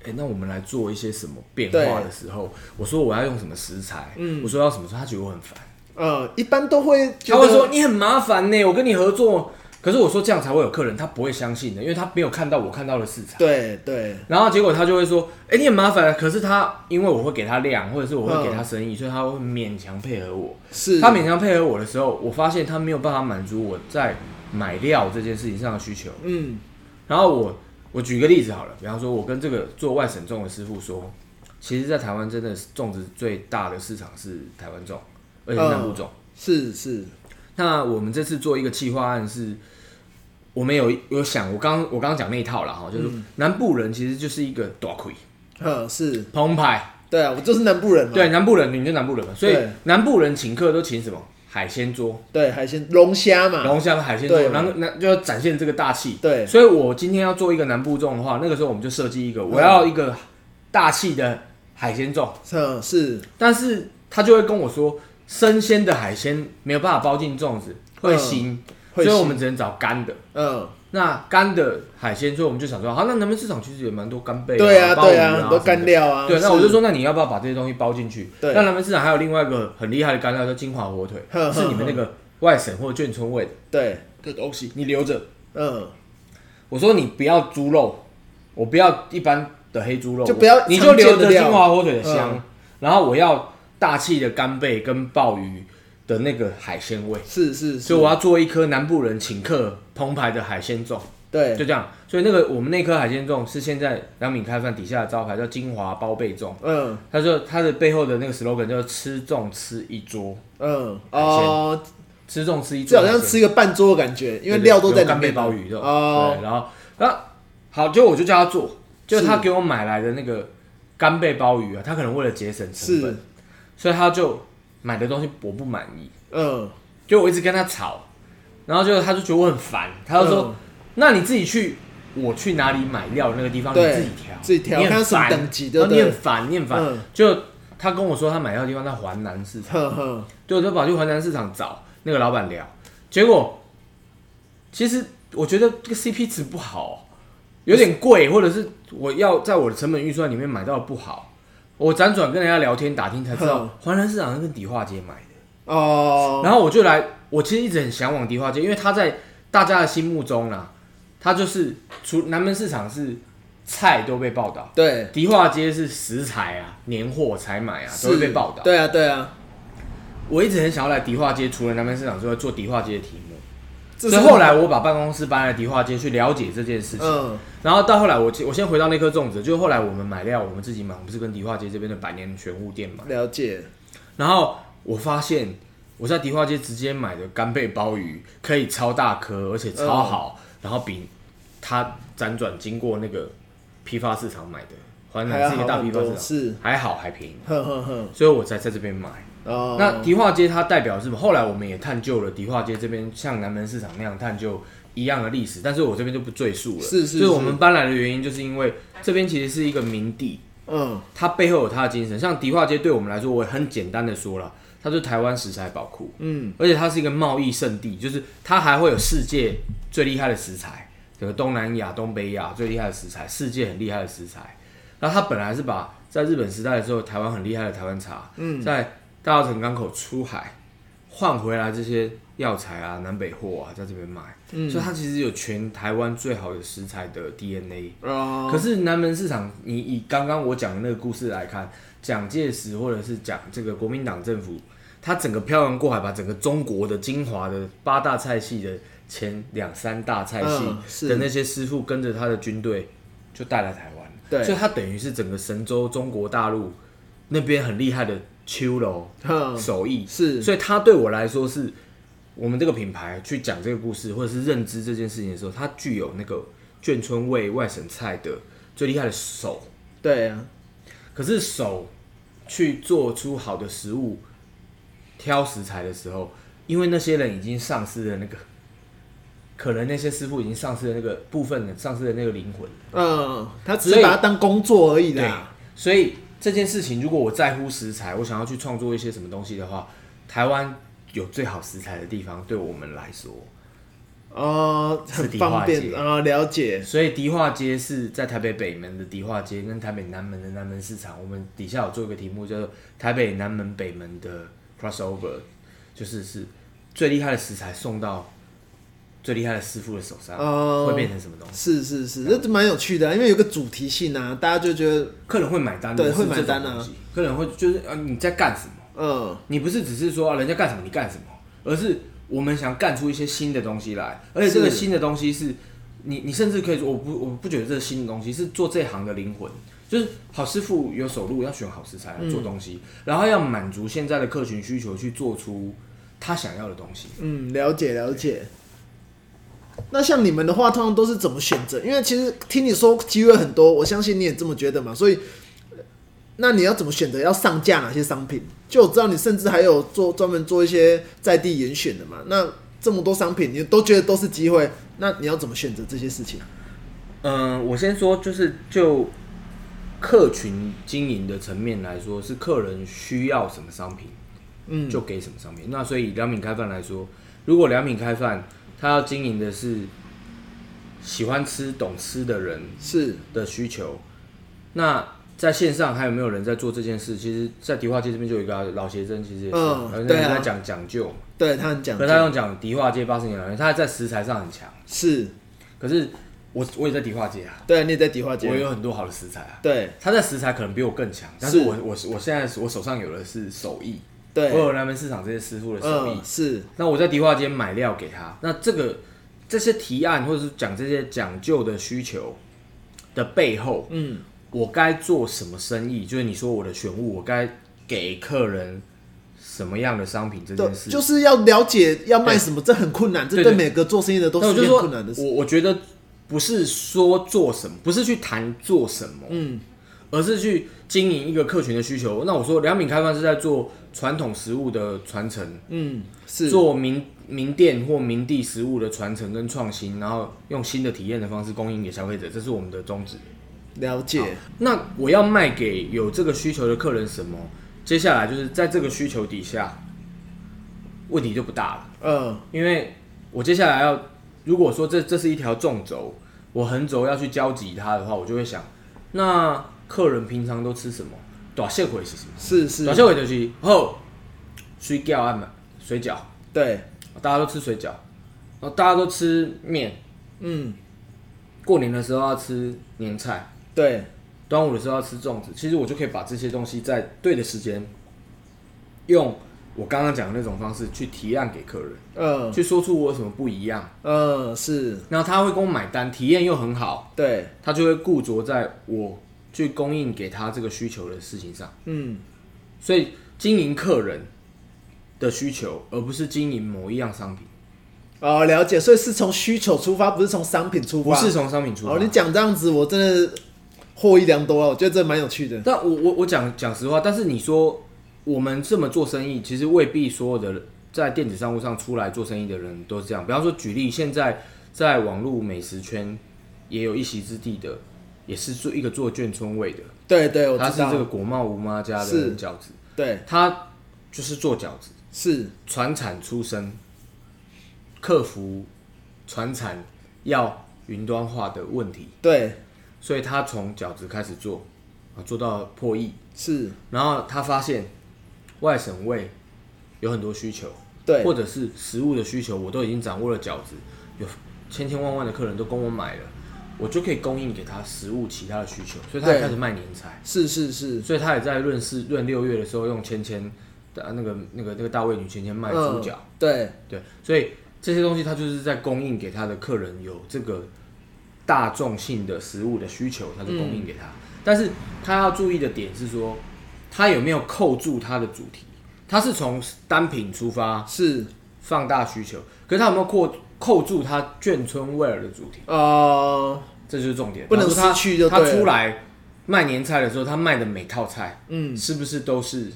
誒、欸，那我們來做一些什麼變化的時候，我說我要用什麼食材，嗯，我說要什麼時，他覺得我很煩。呃，一般都會他會說你很麻煩呢，我跟你合作，可是我說這樣才會有客人，他不會相信的，因為他沒有看到我看到的市場。對對。然後結果他就會說，哎、欸，你很麻煩。可是他因為我會給他量，或者是我會給他生意，嗯、所以他會勉強配合我。是。他勉強配合我的時候，我發現他沒有辦法滿足我在買料這件事情上的需求。嗯。然後我我舉個例子好了，比方說我跟這個做外省粽的師傅說，其實，在台灣真的粽子最大的市場是台灣粽。而且南部粽，哦、是是，那我們這次做一個企劃案是，我們有有想，我剛我剛剛講那一套了哈、嗯，就是南部人其實就是一個大氣，嗯、哦、是澎湃，對啊，我就是南部人嘛，對南部人，你們就南部人嘛，所以南部人請客都請什麼海鮮桌，對海鮮龍蝦嘛，龍蝦的海鮮桌，那那就要展現這個大氣，對，所以我今天要做一個南部粽的話，那個時候我們就設計一個、嗯，我要一個大氣的海鮮粽。嗯、哦、是，但是他就會跟我說。生鮮的海鮮沒有辦法包進粽子，會腥、嗯，所以我們只能找乾的。嗯，那乾的海鮮，所以我們就想說，好、啊，那南門市場其實有蠻多干貝、啊、對啊，對啊，很多乾料啊。對，那我就說，那你要不要把這些東西包進去對？那南門市場還有另外一個很厲害的乾料，叫金華火腿呵呵呵，是你們那個外省或眷村味的。對，這東西你留着。嗯，我說你不要豬肉，我不要一般的黑豬肉，就不要，你就留着金華火腿的香。嗯、然後我要，大氣的干貝跟鮑魚的那個海鮮味，是是，是，所以我要做一顆南部人請客澎湃的海鮮粽，對，就這樣。所以那個我們那顆海鮮粽是現在良品開飯底下的招牌，叫金華包貝粽。嗯，他說他的背後的那個 slogan 叫吃粽吃一桌，嗯哦，吃粽吃一桌，嗯、就好像吃一個半桌的感覺，因為料都在干貝鮑魚肉啊。對，然後好，就我就叫他做，是就是他給我買來的那個干貝鮑魚啊，他可能為了節省成本。所以他就買的東西我不滿意，嗯，就我一直跟他吵，然後就他就覺得我很煩，他就說：“那你自己去，我去哪裡買料的那個地方你自己挑，自己挑。”你很煩，你很煩，你很煩。就他跟我說他買料的地方在環南市場，對，我就跑去環南市場找那個老闆聊。結果其實我覺得這個 CP 值不好，有點貴，或者是我要在我的成本預算裡面買到的不好。我輾轉跟人家聊天打聽，才知道環南市場是跟迪化街買的哦。然後我就來，我其實一直很向往迪化街，因為他在大家的心目中呢、啊，他就是除南門市場是菜都被報道，對，迪化街是食材啊、年貨才買啊，都會被報道。對啊，對啊，我一直很想要來迪化街，除了南門市場之外，做迪化街的題目。所以後來我把辦公室搬來迪化街去了解這件事情，然後到後來我我先回到那顆粽子，就是後來我們買料我們自己買，我們不是跟迪化街這邊的百年玄物店嘛？了解。然後我發現我在迪化街直接買的干貝鮑魚可以超大顆，而且超好，然後比他輾轉經過那個批發市場買的，還是一個大批發市場，是還好還便宜，哼，所以我才在這邊買。Uh, 那迪化街它代表是什麼？後來我們也探究了迪化街這邊，像南門市場那樣探究一樣的歷史，但是我這邊就不贅述了。是是。所以我們搬來的原因，就是因為這邊其實是一個名地。嗯、uh,。它背後有它的精神，像迪化街對我們來說，我也很簡單的說了，它是台灣食材寶庫。嗯。而且它是一個貿易聖地，就是它還會有世界最厲害的食材，整個東南亞、東北亞最厲害的食材，世界很厲害的食材。那它本來是把在日本時代的時候，台灣很厲害的台灣茶，嗯，在大稻埕港口出海，換回來這些藥材啊、南北貨啊，在這邊買，所以它其實有全台灣最好的食材的 DNA。哦。可是南門市場，你以剛剛我講的那個故事來看，蔣介石或者是講這個國民黨政府，他整個漂洋過海，把整個中國的精華的八大菜系的前兩三大菜系的、嗯、那些師傅，跟着他的軍隊就帶來台灣，所以它等於是整個神州中國大陸那邊很厲害的。秋樓、嗯、手藝是，所以他對我來說是我們這個品牌去講這個故事或者是認知這件事情的時候，他具有那個眷村味、外省菜的最厲害的手。對啊，可是手去做出好的食物，挑食材的時候，因為那些人已經喪失了那個，可能那些師傅已經喪失了那個部分，喪失了那個靈魂。嗯，他只是把它當工作而已啦，所以。這件事情，如果我在乎食材，我想要去創作一些什麼東西的話，台灣有最好食材的地方，對我們來說，呃，很方便，呃，了解。所以迪化街是在台北北門的迪化街，跟台北南門的南門市場，我們底下有做一個題目叫做“就是，台北南門北門的 crossover”，就是是最厲害的食材送到，最厲害的師傅的手上，oh，會變成什麼東西？是是是，這蠻有趣的。啊，因為有個主題性啊，大家就覺得客人會買單，對。啊，會買單啊。客人會就是，啊。你在幹什麼？嗯，uh，你不是只是說，啊，人家幹什麼你幹什麼，而是我們想幹出一些新的東西來，而且這個新的東西是，你你甚至可以說，我不我不覺得這是新的東西是做這行的靈魂，就是好師傅有手路，要選好食材，啊嗯，做東西，然後要滿足現在的客群需求去做出他想要的東西。嗯，了解了解。那像你們的話，通常都是怎麼選擇？因為其實聽你說機會很多，我相信你也這麼覺得嘛。所以，那你要怎麼選擇？要上架哪些商品？就我知道，你甚至還有做專門做一些在地嚴選的嘛。那這麼多商品，你都覺得都是機會，那你要怎麼選擇這些事情？嗯、呃，我先說，就是就客群經營的層面來說，是客人需要什麼商品，嗯，就給什麼商品。那所以良品開飯來說，如果良品開飯。他要經營的是喜歡吃懂吃的人是的需求。那在線上還有沒有人在做這件事？其實，在迪化街這邊就有一個老協珍，其實也是講講、嗯究，嗯啊、究，對，他很講究，可他用講迪化街八十年老人，他在食材上很強。是，可是我我也在迪化街啊。對你也在迪化街，啊，我有很多好的食材啊。對，他在食材可能比我更強，但是我是我我現在我手上有的是手藝。對，或者南門市場這些師傅的手藝、呃、是。那我在迪化街買料給他。那這個這些提案或者是講這些講究的需求的背後，嗯，我該做什麼生意？就是你說我的選物，我該給客人什麼樣的商品？這件事就是要了解要賣什麼，這很困難，這對每個做生意的都是很困難的事。我我覺得不是說做什麼，不是去談做什麼，嗯，而是去經營一個客群的需求。那我說良品開飯是在做。傳統食物的傳承，嗯，是做名名店或名地食物的傳承跟創新，然後用新的體驗的方式供應給消費者，這是我們的宗旨。了解。那我要賣給有這個需求的客人什麼？接下來就是在這個需求底下，嗯、問題就不大了。嗯、呃，因為我接下來要，如果說這這是一條縱軸，我橫軸要去交集它的話，我就會想，那客人平常都吃什麼？短線鬼是什麼？是是短線鬼就是後，水餃啊嘛，水餃。對，大家都吃水餃，哦，大家都吃麵。嗯，過年的時候要吃年菜。對，端午的時候要吃粽子。其實我就可以把這些東西在對的時間，用我剛剛講的那種方式去提案給客人。嗯，去說出我有什麼不一樣。嗯，是。然後他會給我買單，體驗又很好。對，他就會固着在我。去供應給他這個需求的事情上，嗯，所以經營客人的需求，而不是經營某一樣商品。哦，了解，所以是從需求出發，不是從商品出發。不是從商品出發。哦，你講這樣子，我真的獲益良多啊！我覺得這蠻有趣的。但我我我講講實話，但是你說我們這麼做生意，其實未必所有的人在電子商務上出來做生意的人都是這樣。比方說，舉例，現在在網絡美食圈也有一席之地的。也是做一個做眷村味的，對對，他是這個果貿吳媽家的餃子，對，他就是做餃子，是傳產出身，克服傳產要雲端化的問題，對，所以他從餃子開始做啊，做到破億，是，然後他發現外省味有很多需求，對，或者是食物的需求，我都已經掌握了餃子，有千千萬萬的客人都跟我買了。我就可以供應給他食物、其他的需求，所以他也開始賣年菜，是是是，所以他也在閏四閏六月的時候用芊芊的，那個那個那個大衛女芊芊賣豬腳、呃，對對，所以這些東西他就是在供應給他的客人有這個大眾性的食物的需求，他就供應給他、嗯，但是他要注意的點是說，他有沒有扣住他的主題，他是從單品出發，是放大需求，可是他有沒有扣扣住他眷村味兒的主題？呃。這就是重點。不能說他去就他出來賣年菜的時候，他賣的每套菜，嗯，是不是都是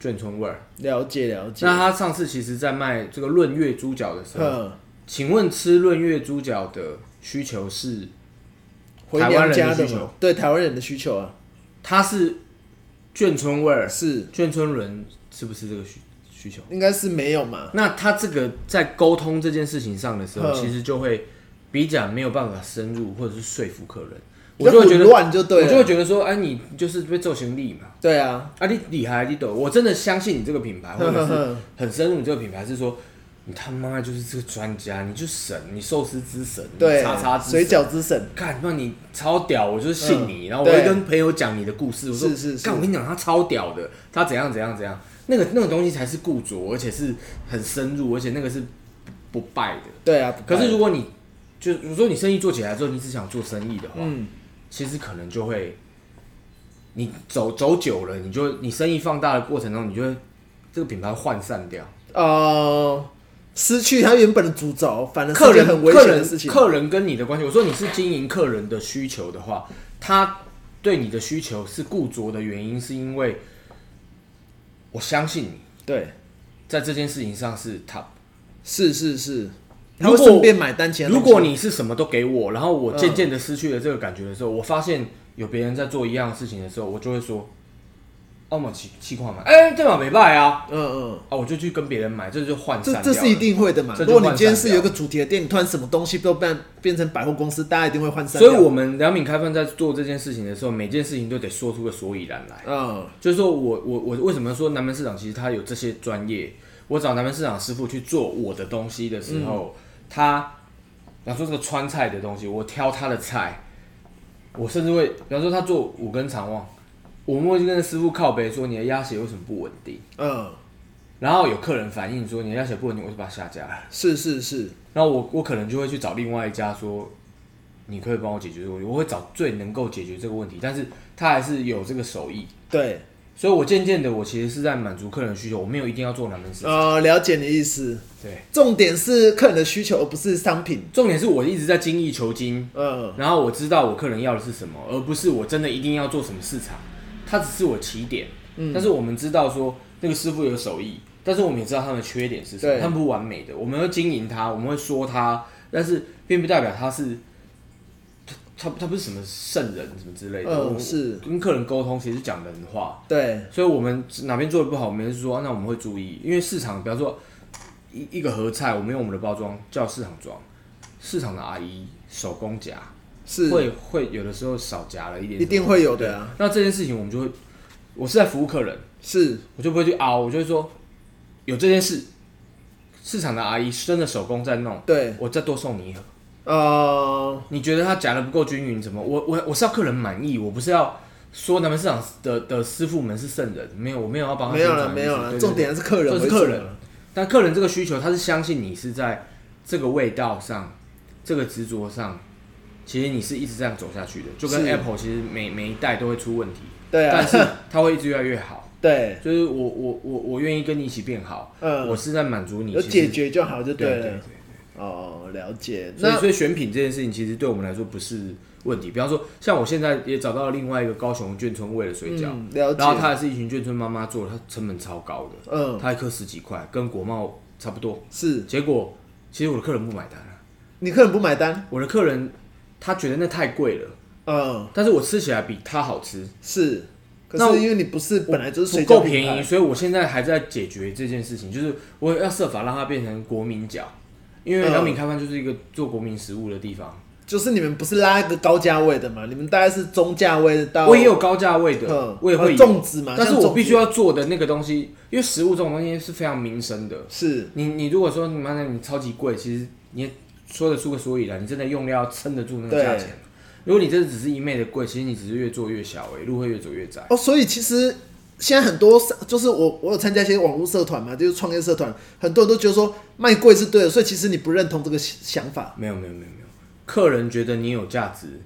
眷村味？了解了解。那他上次其實，在賣這個閏月豬腳的時候，請問吃閏月豬腳的需求是台灣人的需求的？對，台灣人的需求啊。他是眷村味兒是眷村人，是不是這個需需求？應該是沒有嘛。那他這個在溝通這件事情上的時候，其實就會。比較沒有辦法深入或者是說服客人，我就會覺得，我就會覺得說，哎，你就是被造行力嘛，對啊，啊你厲害，啊，你抖，我真的相信你這個品牌，或者是很深入你這個品牌，是說你他媽就是這個專家，你就神，你壽司之神，對，叉叉之神，水餃之神，看，那你超屌，我就是信你，然後我會跟朋友講你的故事，我說是是，看我跟你講，他超屌的，他怎樣怎樣怎樣，那個那個東西才是固着，而且是很深入，而且那個是不，不敗的，對啊，可是如果你。就是如果說，你生意做起來之後，你只想做生意的話，嗯、其實可能就會，你走走久了，你就你生意放大的過程中，你就會這個品牌渙散掉，呃，失去它原本的主軸，反正客人很危險的事情客，客人跟你的關係。我說你是經營客人的需求的話，他對你的需求是固着的原因，是因為我相信你，對，在這件事情上是 Top，是是是。是是如果買單錢，如果你是什麼都給我，然後我漸漸的失去了這個感覺的時候，嗯、我發現有別人在做一樣的事情的時候，我就會說：“澳門七七塊買。看看”哎、欸，對嘛，沒辦法啊。嗯嗯哦、啊，我就去跟別人買，這就換。這這是一定會的嘛？如果你今天是有個主題的店，你突然什麼東西都變變成百貨公司，大家一定會換三。所以，我們良品開飯在做這件事情的時候，每件事情都得說出個所以然來。嗯，就是說我我我為什麼說南門市場其實他有這些專業？我找南門市場師傅去做我的東西的時候。嗯他，比方說這個川菜的東西，我挑他的菜，我甚至會，比方說他做五根腸旺，我們會去跟師傅靠北說，你的鴨血為什麼不穩定？嗯、呃，然後有客人反映說你的鴨血不穩定，我就把他下架。是是是，然後我我可能就會去找另外一家說，你可以幫我解決這個問題，我會找最能夠解決這個問題，但是他還是有這個手藝。對。所以，我漸漸的，我其實是在滿足客人的需求，我沒有一定要做哪門市，啊、呃，了解你的意思。對，重點是客人的需求，而不是商品。重點是我一直在精益求精。呃，然後我知道我客人要的是什麼，而不是我真的一定要做什麼市場，它只是我起點。嗯。但是我們知道說那個師傅有手藝，但是我們也知道他們的缺點是什麼，他們不完美的，我們會經營他，我們會說他，但是並不代表他是。他他不是什麼聖人什麼之類的，哦、是跟客人溝通，其實是講人話。對，所以我們哪邊做的不好，我們是說、啊，那我們會注意。因為市場，比方說一一個合菜，我們用我們的包裝叫市場裝，市場的阿姨手工夾，是會會有的時候少夾了一點，一定會有的啊對。那這件事情我們就會，我是在服務客人，是我就不會去拗，我就會說有這件事，市場的阿姨真的手工在弄，對，我再多送你一盒。呃、uh...，你覺得他夾的不夠均勻，怎麼？我我我是要客人滿意，我不是要說南門市場的的，的師傅們是聖人，沒有，我沒有要幫他宣傳。沒有了，沒有了。重點是客人，就是客人。但客人這個需求，他是相信你是在這個味道上，這個執着上，其實你是一直這樣走下去的。就跟 Apple 其實每每一代都會出問題，對啊，但是它會一直越來越好。 對，就是我我我我願意跟你一起變好。嗯，我是在滿足你，而且。解決就好就對了。對，對，對，對。哦、oh，了解。所以所以選品這件事情，其實對我們來說不是問題。比方說，像我現在也找到了另外一個高雄眷村味的水餃，嗯，然後它還是一群眷村媽媽做的，它成本超高的，嗯、呃，它一顆十幾塊，跟國貿差不多。是。結果，其實我的客人不買單。你客人不買單？我的客人他覺得那太貴了。嗯、呃。但是我吃起來比它好吃。是。可是因為你不是本來就是水餃夠便宜，所以我現在還在解決這件事情，就是我要設法讓它變成國民餃。因為良品開飯就是一個做國民食物的地方，嗯、就是你們不是拉一個高價位的嘛？你們大概是中價位的到。到我也有高價位的，我也會粽子嘛？但是我必須要做的那個東西，因為食物這種東西是非常民生的。是，你你如果說媽的你超級貴，其實你也說得出個所以然，你真的用料撐得住那個價錢。如果你這只是一味的貴，其實你只是越做越小，欸，哎，路會越走越窄。哦，所以其實。現在很多就是我，我有參加一些網絡社團嘛，就是創業社團，很多人都覺得說賣貴是對的，所以其實你不認同這個想法？沒有，沒有，沒有，沒有。客人覺得你有價值，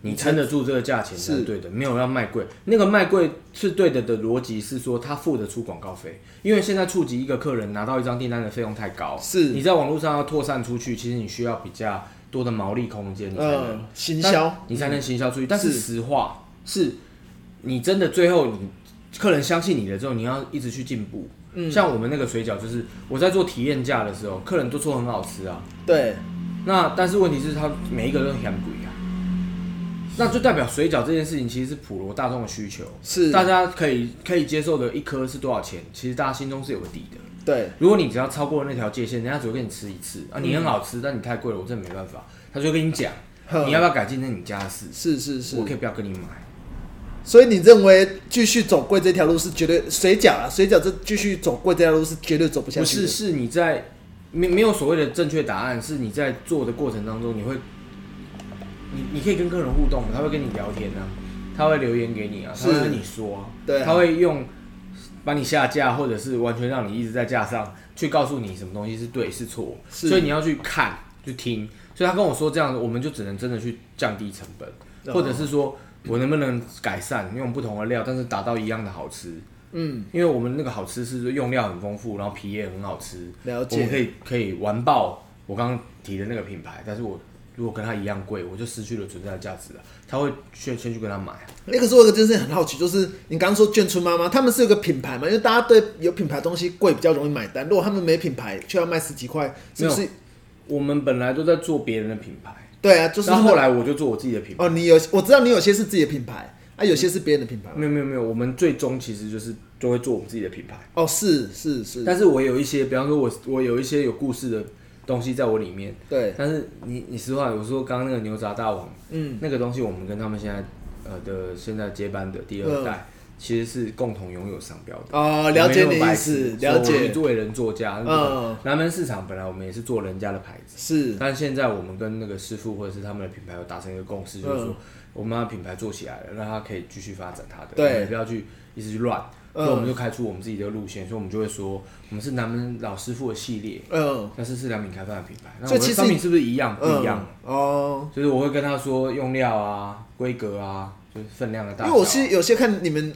你撐得住這個價錢是對的，沒有要賣貴。那個賣貴是對的的邏輯是說，他付得出廣告費，因為現在觸及一個客人拿到一張訂單的費用太高。是，你在網絡上要擴散出去，其實你需要比較多的毛利空間，嗯，行銷，你才能、呃、行銷出去、嗯。但是實話是，是，你真的最後你。客人相信你了之後，你要一直去進步。嗯，像我們那個水餃，就是我在做體驗價的時候，客人都說很好吃啊。對。那但是問題是他每一個都很貴啊。那就代表水餃這件事情其實是普羅大眾的需求，是大家可以可以接受的一顆是多少錢？其實大家心中是有個底的。對。如果你只要超過了那條界限，人家只會給你吃一次啊。你很好吃，嗯、但你太貴了，我真沒辦法。他就跟你講，你要不要改進？那你家的事。是是是，我可以不要跟你買。所以你認為繼續走貴這條路是絕對水餃啊？水餃這繼續走貴這條路是絕對走不下去的。不是，是你在沒沒有所謂的正確答案，是你在做的過程當中你，你會你你可以跟客人互動，他會跟你聊天啊，他會留言給你啊，他會跟你說、啊、對、啊、他會用把你下架，或者是完全讓你一直在架上去告訴你什麼東西是對是錯，所以你要去看去聽。所以他跟我說這樣，我們就只能真的去降低成本，哦、或者是說。我能不能改善用不同的料，但是達到一樣的好吃？嗯，因為我們那個好吃是用料很豐富，然後皮也很好吃。了解，我可以可以完爆我剛剛提的那個品牌，但是我如果跟它一樣貴，我就失去了存在的價值了。他會去，先去跟他買。那個時候我的真是很好奇，就是你剛剛說眷村媽媽，他們是有一個品牌嘛，因為大家對有品牌的東西貴比較容易買單。如果他們沒品牌卻要賣十幾塊，是不是？我們本來都在做別人的品牌。對啊，就是。然後後來我就做我自己的品牌。哦，你有，我知道你有些是自己的品牌，啊，有些是別人的品牌。嗯、沒有沒有沒有，我們最終其實就是就會做我們自己的品牌。哦，是是是。但是我有一些，比方說我，我我有一些有故事的東西在我裡面。對。但是你你實話，我說剛剛那個牛雜大王，嗯，那個東西我們跟他們現在呃的現在接班的第二代。呃其實是共同擁有商標的。哦，了解你的意思。了解。我們作為人作家，嗯，南門市場本來我們也是做人家的牌子，是。但現在我們跟那個師傅或者是他們的品牌有達成一個共識，嗯、就是說我們把品牌做起來了，讓他可以繼續發展他的，對，不要去一直去亂，嗯。所以我們就開出我們自己的路線，所以我們就會說，我們是南門老師傅的系列，嗯，但是是良品開飯的品牌。嗯、那其實商品是不是一樣？嗯、不一樣。啊、嗯、哦。就是我會跟他說用料啊、規格啊，就是分量的大小。因為我是有些看你們。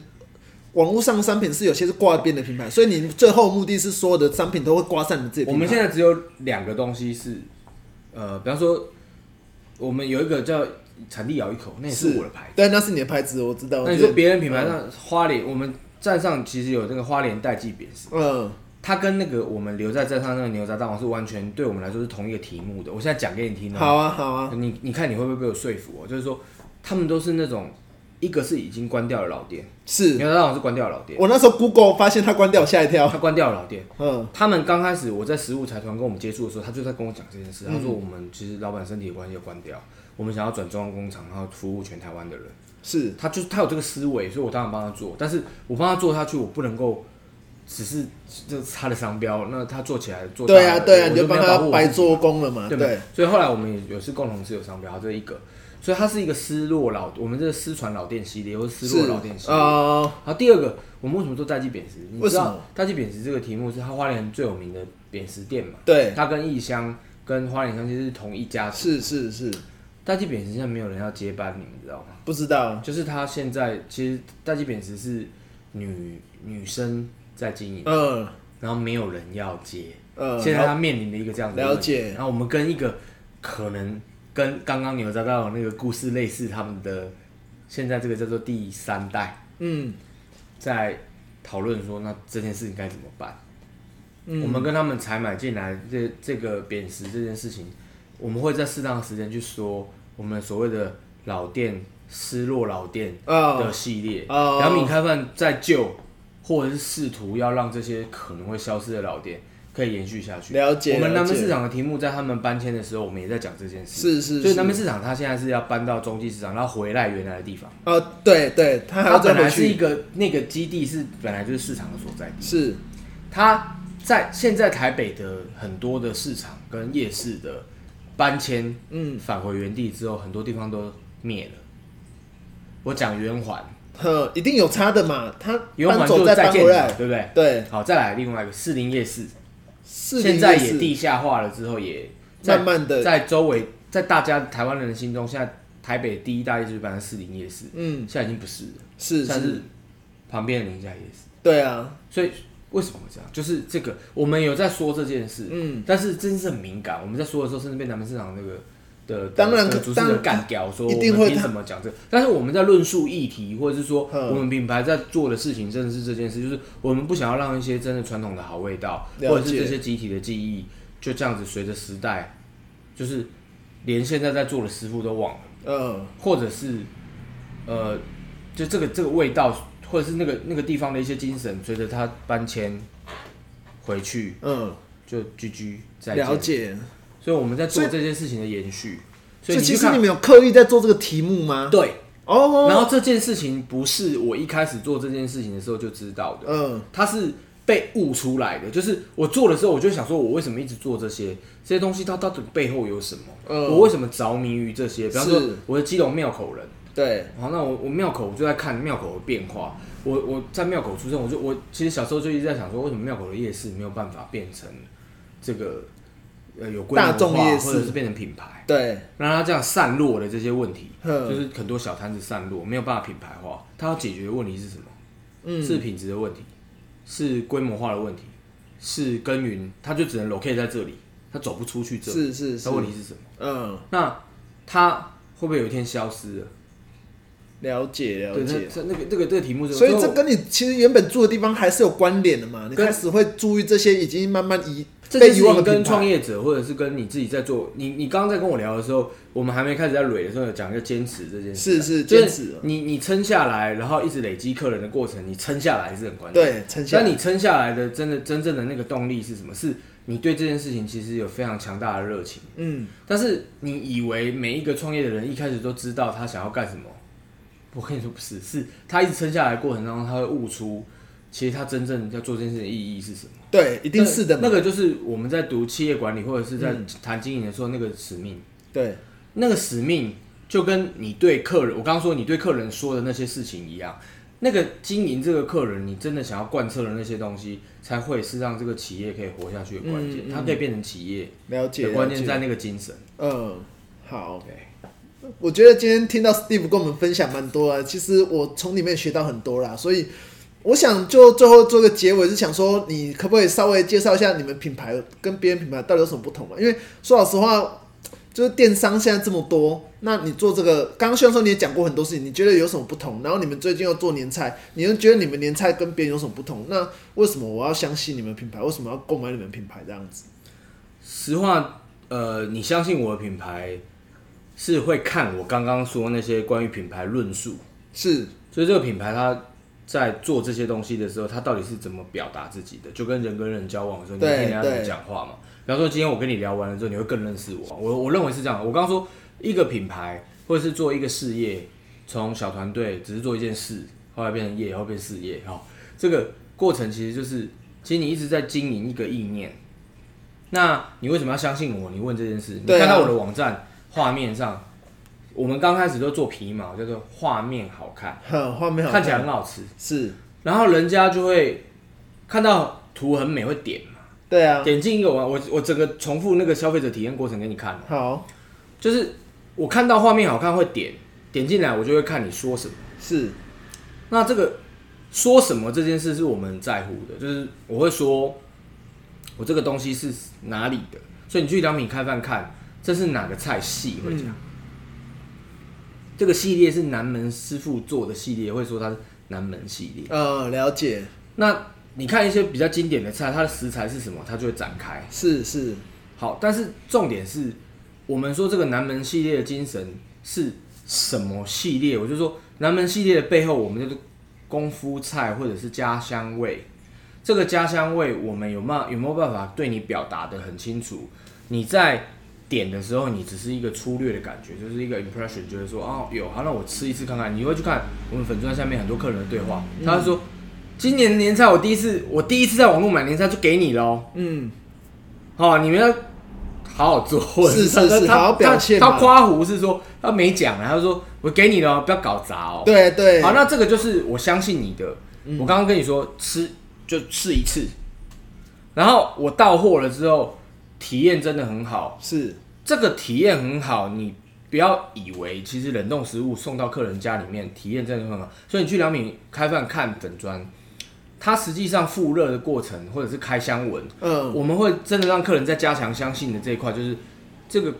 網絡上的商品，是有些是掛別的品牌，所以你最後目的是所有的商品都會掛上你自己品牌。我們現在只有兩個東西是，呃，比方說我們有一個叫產地咬一口，那也是我的牌子，對，那是你的牌子，我知道。那你說別人品牌上、嗯、花蓮，我們站上其實有那個花蓮戴記扁食，嗯，它跟那個我們留在站上那個牛雜大王是完全對我們來說是同一個題目的。我現在講給你聽、哦，好啊，好啊，你你看你會不會被我說服我、啊、就是說他們都是那種。一個是已經關掉了老店，是，因為他當時是關掉老店。我那時候 Google 發現他關掉，我嚇一跳。他關掉，他關掉了老店，嗯。他們剛開始我在食物財團跟我們接觸的時候，他就在跟我講這件事。他說我們其實老闆身體的關係，關掉。我們想要轉中央工廠，然後服務全台灣的人。是他，就是他有這個思維，所以我當然幫他做。但是我幫他做下去，我不能夠只是就他的商標。那他做起來做，對啊，對啊，你、啊、就幫他白做工了嘛，對不對？所以後來我們也有是共同持有商標這一個。所以它是一個失落老，我們這個失傳老店系列，或是失落老店系列，呃。好，第二個，我們為什麼做戴記扁食你知道？為什麼？戴記扁食這個題目是它花蓮最有名的扁食店嘛？對。它跟液香、跟花蓮香其實是同一家。是是是。戴記扁食現在沒有人要接班，你們知道嗎？不知道。就是它現在其實戴記扁食是女女生在經營，嗯、呃，然後沒有人要接，嗯、呃，現在它面臨的一個這樣子的。了解。然後我們跟一個可能。跟剛剛你有講到那個故事類似，他們的現在這個叫做第三代，嗯，在討論說，那這件事情該怎麼辦，嗯。我們跟他們採買進來這這個扁食這件事情，我們會在適當的時間去說我們所謂的老店、失落老店的系列。良品開飯在救，或者是試圖要讓這些可能會消失的老店可以延續下去。了解，我們南門市場的題目在他們搬遷的時候，我們也在講這件事。是是，所以南門市場它現在是要搬到中繼市場，然後回來原來的地方。呃，對對，它本來是一個那個基地，是本來就是市場的所在地。是，它在現在台北的很多的市場跟夜市的搬遷，嗯，返回原地之後，很多地方都滅了。我講圓環，呵，一定有差的嘛。它圓環就在，對不對？對。好，再來另外一個士林夜市。現在也地下化了之後，也慢慢的在周圍，在大家台灣人的心中，現在台北第一大夜市變成四零夜市，嗯，現在已經不是了，是是，旁邊的寧夏夜市，對啊，所以為什麼會這樣？就是這個，我們有在說這件事，嗯，但是真是很敏感，我們在說的時候，甚至被南門市場那個。當然可、呃，當然幹掉說一定會我們怎麼講這，但是我們在論述議題，或者是說我們品牌在做的事情，真的是這件事，就是我們不想要讓一些真的傳統的好味道，或者是這些集體的記憶，就這樣子隨着時代，就是連現在在做的師傅都忘了，嗯，或者是呃，就這個這個味道，或者是那個那個地方的一些精神，隨着他搬遷回去，嗯，就居居再見了解。所以我們在做這件事情的延續，所以，所以其實你們有刻意在做這個題目嗎？對，哦，oh，然後這件事情不是我一開始做這件事情的時候就知道的，嗯，它是被悟出來的，就是我做的時候，我就想說，我為什麼一直做這些這些東西它，它到底背後有什麼？嗯，我為什麼着迷於這些？比方說，我是基隆廟口人，對，好，那我我廟口，我就在看廟口的變化，我我在廟口出生，我就我其實小時候就一直在想說，為什麼廟口的夜市沒有辦法變成這個？呃，有規模化或者是變成品牌，對，那它這樣散落的這些問題，就是很多小攤子散落，沒有辦法品牌化。它要解決的問題是什麼？嗯，是品質的問題，是規模化的問題，是耕耘，它就只能 locate 在這裡，它走不出去。這裡是是是。它問題是什麼？嗯，那它會不會有一天消失了？了解，了解。那個那個這個題目，所以這跟你其實原本住的地方還是有關聯的嘛？你開始會注意這些已經慢慢移。這是跟創業者，或者是跟你自己在做。你你剛剛在跟我聊的時候，我們還沒開始在錄的時候，講一個堅持這件事、啊。是是，堅持。你你撐下來，然後一直累積客人的過程，你撐下來是很關鍵。對，撐下來。但你撐下來的真的真正的那個動力是什麼？是你對這件事情其實有非常強大的熱情。嗯。但是你以為每一個創業的人一開始都知道他想要幹什麼？我跟你說不是，是他一直撐下來的過程當中，他會悟出。其實他真正要做這件事的意義是什麼？對，一定是的嘛。那，那個就是我們在讀企業管理或者是在談經營的時候，那個使命。對，那個使命就跟你對客人，我剛剛說你對客人說的那些事情一樣。那個經營這個客人，你真的想要貫徹的那些東西，才會是讓這個企業可以活下去的關鍵。嗯嗯。它可以變成企業，了解關鍵在那個精神。嗯、呃，好。Okay. 我覺得今天聽到 Steve 跟我們分享蠻多啊，其實我從裡面學到很多啦，所以。我想就最後做個結尾，是想說你可不可以稍微介紹一下你們品牌跟別人品牌到底有什麼不同嘛？因為說老實話，就是電商現在這麼多，那你做這個，剛剛雖然說，你也講過很多事情，你覺得有什麼不同？然後你們最近要做年菜，你們覺得你們年菜跟別人有什麼不同？那為什麼我要相信你們品牌？為什麼要購買你們品牌這樣子？實話，呃，你相信我的品牌是會看我剛剛說那些關於品牌論述，是，所以這個品牌它。在做這些東西的時候，他到底是怎麼表達自己的？就跟人跟人交往的時候，你會聽人家怎麼講話嘛。比方說，今天我跟你聊完了之後，你會更認識我。我我認為是這樣。我剛剛說，一個品牌或者是做一個事業，從小團隊只是做一件事，後來變成業，後變事業哈、哦。這個過程其實就是，其實你一直在經營一個意念。那你為什麼要相信我？你問這件事，啊、你看到我的網站畫面上。我們剛開始都做皮毛，叫做畫面好看，很畫面好看，看起來很好吃是。然後人家就會看到圖很美會點嘛，對啊，點進一個我我,我整個重複那個消費者體驗過程給你看嘛。好，就是我看到畫面好看會點，點進來我就會看你說什麼是。是，那這個說什麼這件事是我們在乎的，就是我會說，我這個東西是哪裡的，所以你去良品開飯看這是哪個菜系會這樣。嗯這個系列是南門師傅做的系列，會說它是南門系列。呃、嗯，了解。那你看一些比較經典的菜，它的食材是什麼？它就會展開。是是。好，但是重點是，我們說這個南門系列的精神是什麼系列？我就說南門系列的背後，我們就是功夫菜或者是家鄉味。這個家鄉味，我們有嗎？有沒有辦法對你表達得很清楚？你在。點的時候，你只是一個粗略的感覺，就是一個 impression，就是說啊、哦，有，好、啊，那我吃一次看看。你會去看我們粉專下面很多客人的對話，嗯、他就說、嗯：“今年年菜我第一次，我第一次在網絡買年菜，就給你嘍。”嗯，好、哦，你們要好好做貨，是是是，是他好，好他，他誇胡是說他沒講，然後說：“我給你了，不要搞砸哦、喔。”對對，好，那這個就是我相信你的。嗯、我剛剛跟你說吃就試一次，然後我到貨了之後體驗真的很好，是。這個體驗很好，你不要以為，其實冷凍食物送到客人家裡面體驗真的很好。所以你去良品開飯看粉專，它實際上復熱的過程或者是開箱文，嗯，我們會真的讓客人再加強相信的這一塊，就是這個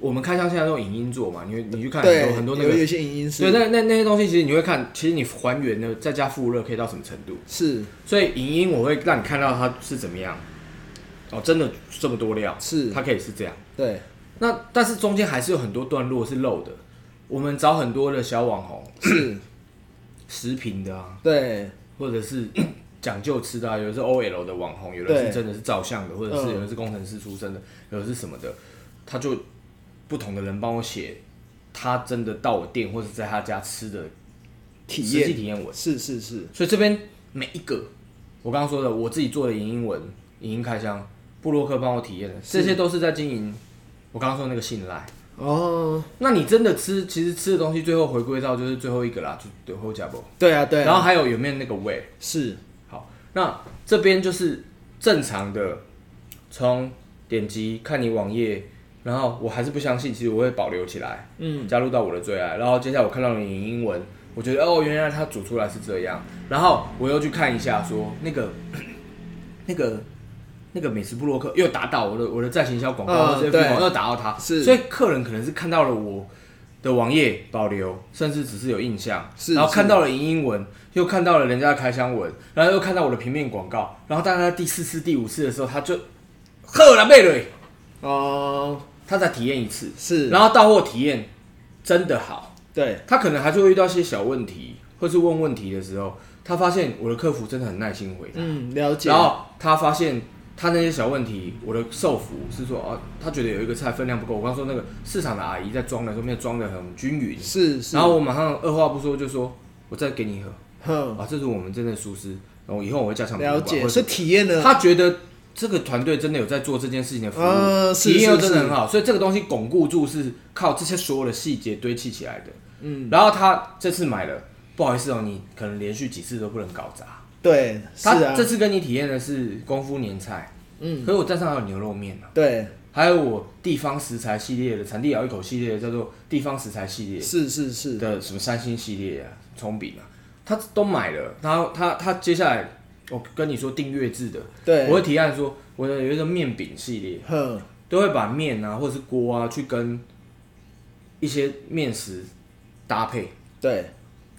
我們開箱現在用影音做嘛，因為你去看有很、很多那個有、有些音、音是那，那那那些東西其實你會看，其實你還原的在家復熱可以到什麼程度？是，所以影音我會讓你看到它是怎麼樣，哦，真的這麼多料，是，它可以是這樣。對，那但是中間還是有很多段落是漏的。我們找很多的小網紅是 食品的啊，對，或者是講 究吃的，啊，有的是 O L 的網紅，有的是真的是照相的，或者是有的是工程師出身的，嗯，有的是什麼的，他就不同的人幫我寫，他真的到我店或者在他家吃的體驗，實際體驗我是是是、是，所以這邊每一個我剛剛說的我自己做的影音文，影音開箱，部落客幫我體驗的，這些都是在經營。我剛剛說那個信賴哦，oh, 那你真的吃？其實吃的東西最後回歸到就是最後一個啦，就可口可樂。對啊，對啊。然後還有有沒有那個味？是。好，那這邊就是正常的，從點擊看你網頁，然後我還是不相信，其實我會保留起來，嗯，加入到我的最愛。然後接下來我看到你的英文，我覺得哦，原來它煮出來是這樣。然後我又去看一下說，說那個那個。那個那個美食部落客又打到我的我的再行銷廣告，嗯，這些，又打到他是，所以客人可能是看到了我的網頁保留，甚至只是有印象，是，然後看到了營英文，啊，又看到了人家的開箱文，然後又看到我的平面廣告，然後大概在第四次第五次的時候，他就克萊貝瑞哦，他再體驗一次是，然後到貨體驗真的好，對他可能還是會遇到一些小問題，或是問問題的時候，他發現我的客服真的很耐心回答，嗯，了解，然後他發現。他那些小問題，我的售服是說啊，他覺得有一個菜分量不夠。我剛說那個市場的阿姨在裝的時候沒有裝的很均勻是。是，然後我馬上二話不說就說，我再給你一盒啊，這是我們真的疏失。然後以後我會加強了解，是體驗的。他覺得這個團隊真的有在做這件事情的服務，啊、體驗又真的很好。所以這個東西鞏固住是靠這些所有的細節堆砌起來的。嗯，然後他這次買了，不好意思哦，你可能連續幾次都不能搞砸。對、啊，他這次跟你體驗的是功夫年菜，嗯，可是我站上還有牛肉麵呢、啊，對，還有我地方食材系列的產地咬一口系列的，叫做地方食材系列，是是是的什麼三星系列啊，蔥餅啊，他都買了，然後他他，他接下來我跟你說訂閱制的，對，我會提案說，我的有一個麵餅系列，哼，都會把麵啊或者是鍋啊去跟一些麵食搭配，對，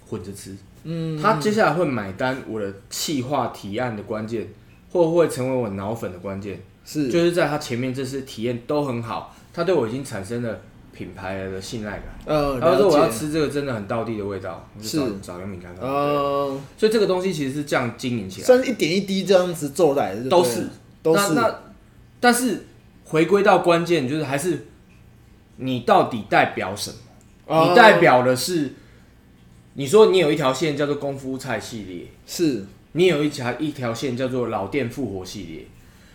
混着吃。嗯，他接下來會買單我的企劃提案的關鍵，或會成為我腦粉的關鍵，是，就是在他前面這些體驗都很好，他對我已經產生了品牌的信賴感。嗯、呃，了解。他說我要吃這個真的很道地的味道，找是找劉敏干。哦、呃，所以這個東西其實是這樣經營起來，甚至一點一滴這樣子做來都是對都是。但是回歸到關鍵就是還是你到底代表什麼？呃、你代表的是。你說你有一條線叫做功夫菜系列，是，你有一條一條線叫做老店復活系列，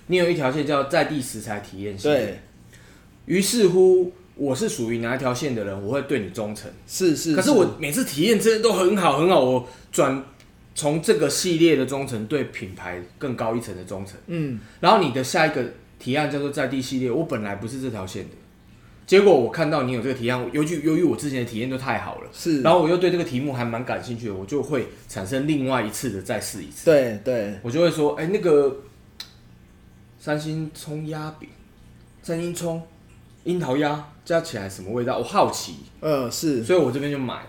你有一條線叫在地食材體驗系列。對，於是乎，我是屬於哪一條線的人，我會對你忠誠。是是是，可是我每次體驗真的都很好很好，我轉從這個系列的忠誠，對品牌更高一層的忠誠。嗯，然後你的下一個提案叫做在地系列，我本來不是這條線的，結果我看到你有這個提案，由於由於我之前的體驗都太好了，是，然後我又對這個題目還蠻感興趣的，我就會產生另外一次的再試一次。對對，我就會說，哎、欸，那個三星蔥鴨餅，三星蔥櫻桃鴨，加起來什麼味道？我好奇。呃，是，所以我這邊就買了。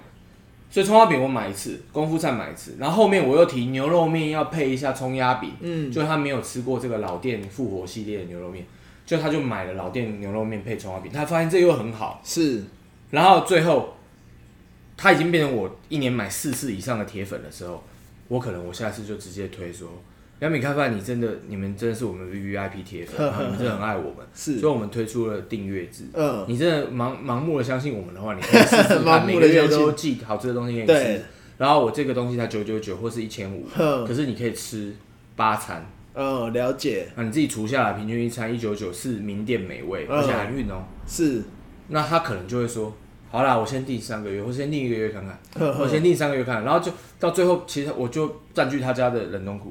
所以蔥花餅我買一次，功夫再買一次，然後後面我又提牛肉面要配一下蔥鴨餅，嗯，就他沒有吃過這個老店復活系列的牛肉麵。就他就買了老店牛肉麵配蔥花餅，他發現這又很好，是。然後最後他已經變成我一年買四次以上的鐵粉的時候，我可能我下次就直接推說良品開飯，嗯、你，你真的你們真的是我們 VIP 鐵粉，呵呵呵你們真的很愛我們，是。所以我們推出了訂閱制，嗯，你真的盲盲目的相信我們的話，你可以試試看， 盲目的每個月都寄好吃的東西給你吃。然後我這個東西它九九九或是一千五，可是你可以吃八餐。呃、哦、了解。那、啊、你自己除下來，平均一餐一九九是名店美味，哦、而且還運哦。是。那他可能就會說，好啦，我先定三個月，我先定一個月看看，呵呵我先定三個月看看，然後就到最後，其實我就佔據他家的冷凍庫。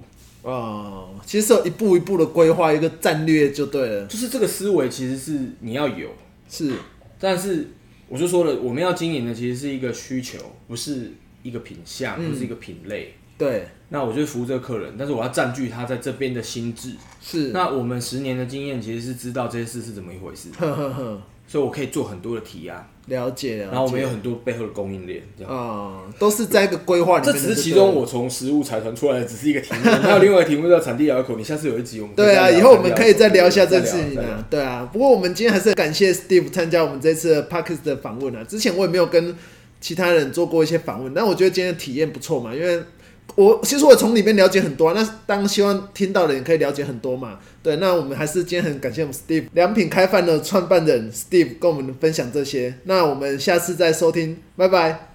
哦，其實是一步一步的規劃一個戰略就對了，就是這個思維其實是你要有。是。但是我就說了，我們要經營的其實是一個需求，不是一個品項，嗯，不是一個品類。對。那我就是服務這個客人，但是我要占據他在這邊的心智。是。那我們十年的經驗其實是知道這些事是怎麼一回事呵呵呵，所以我可以做很多的提案。了解,了解然後我們有很多背後的供應鏈，這樣啊、嗯，都是在一個規劃裡面。這只是其中我從食物財團出來的只是一個題目，還 有另外一個題目叫產地聊一口。你下次有一集我們對啊以，以後我們可以再聊,以再聊,以再聊一下這個事情。對啊，不過我們今天還是很感謝 Steve 參加我們這次的 Podcast 的訪問啊。之前我也沒有跟其他人做過一些訪問，但我覺得今天的體驗不錯嘛，因為。我其實我從裡面了解很多啊，那當希望聽到的也可以了解很多嘛。對，那我們還是今天很感謝我們 Steve 良品開飯的創辦人 Steve 跟我們分享這些，那我們下次再收聽，拜拜。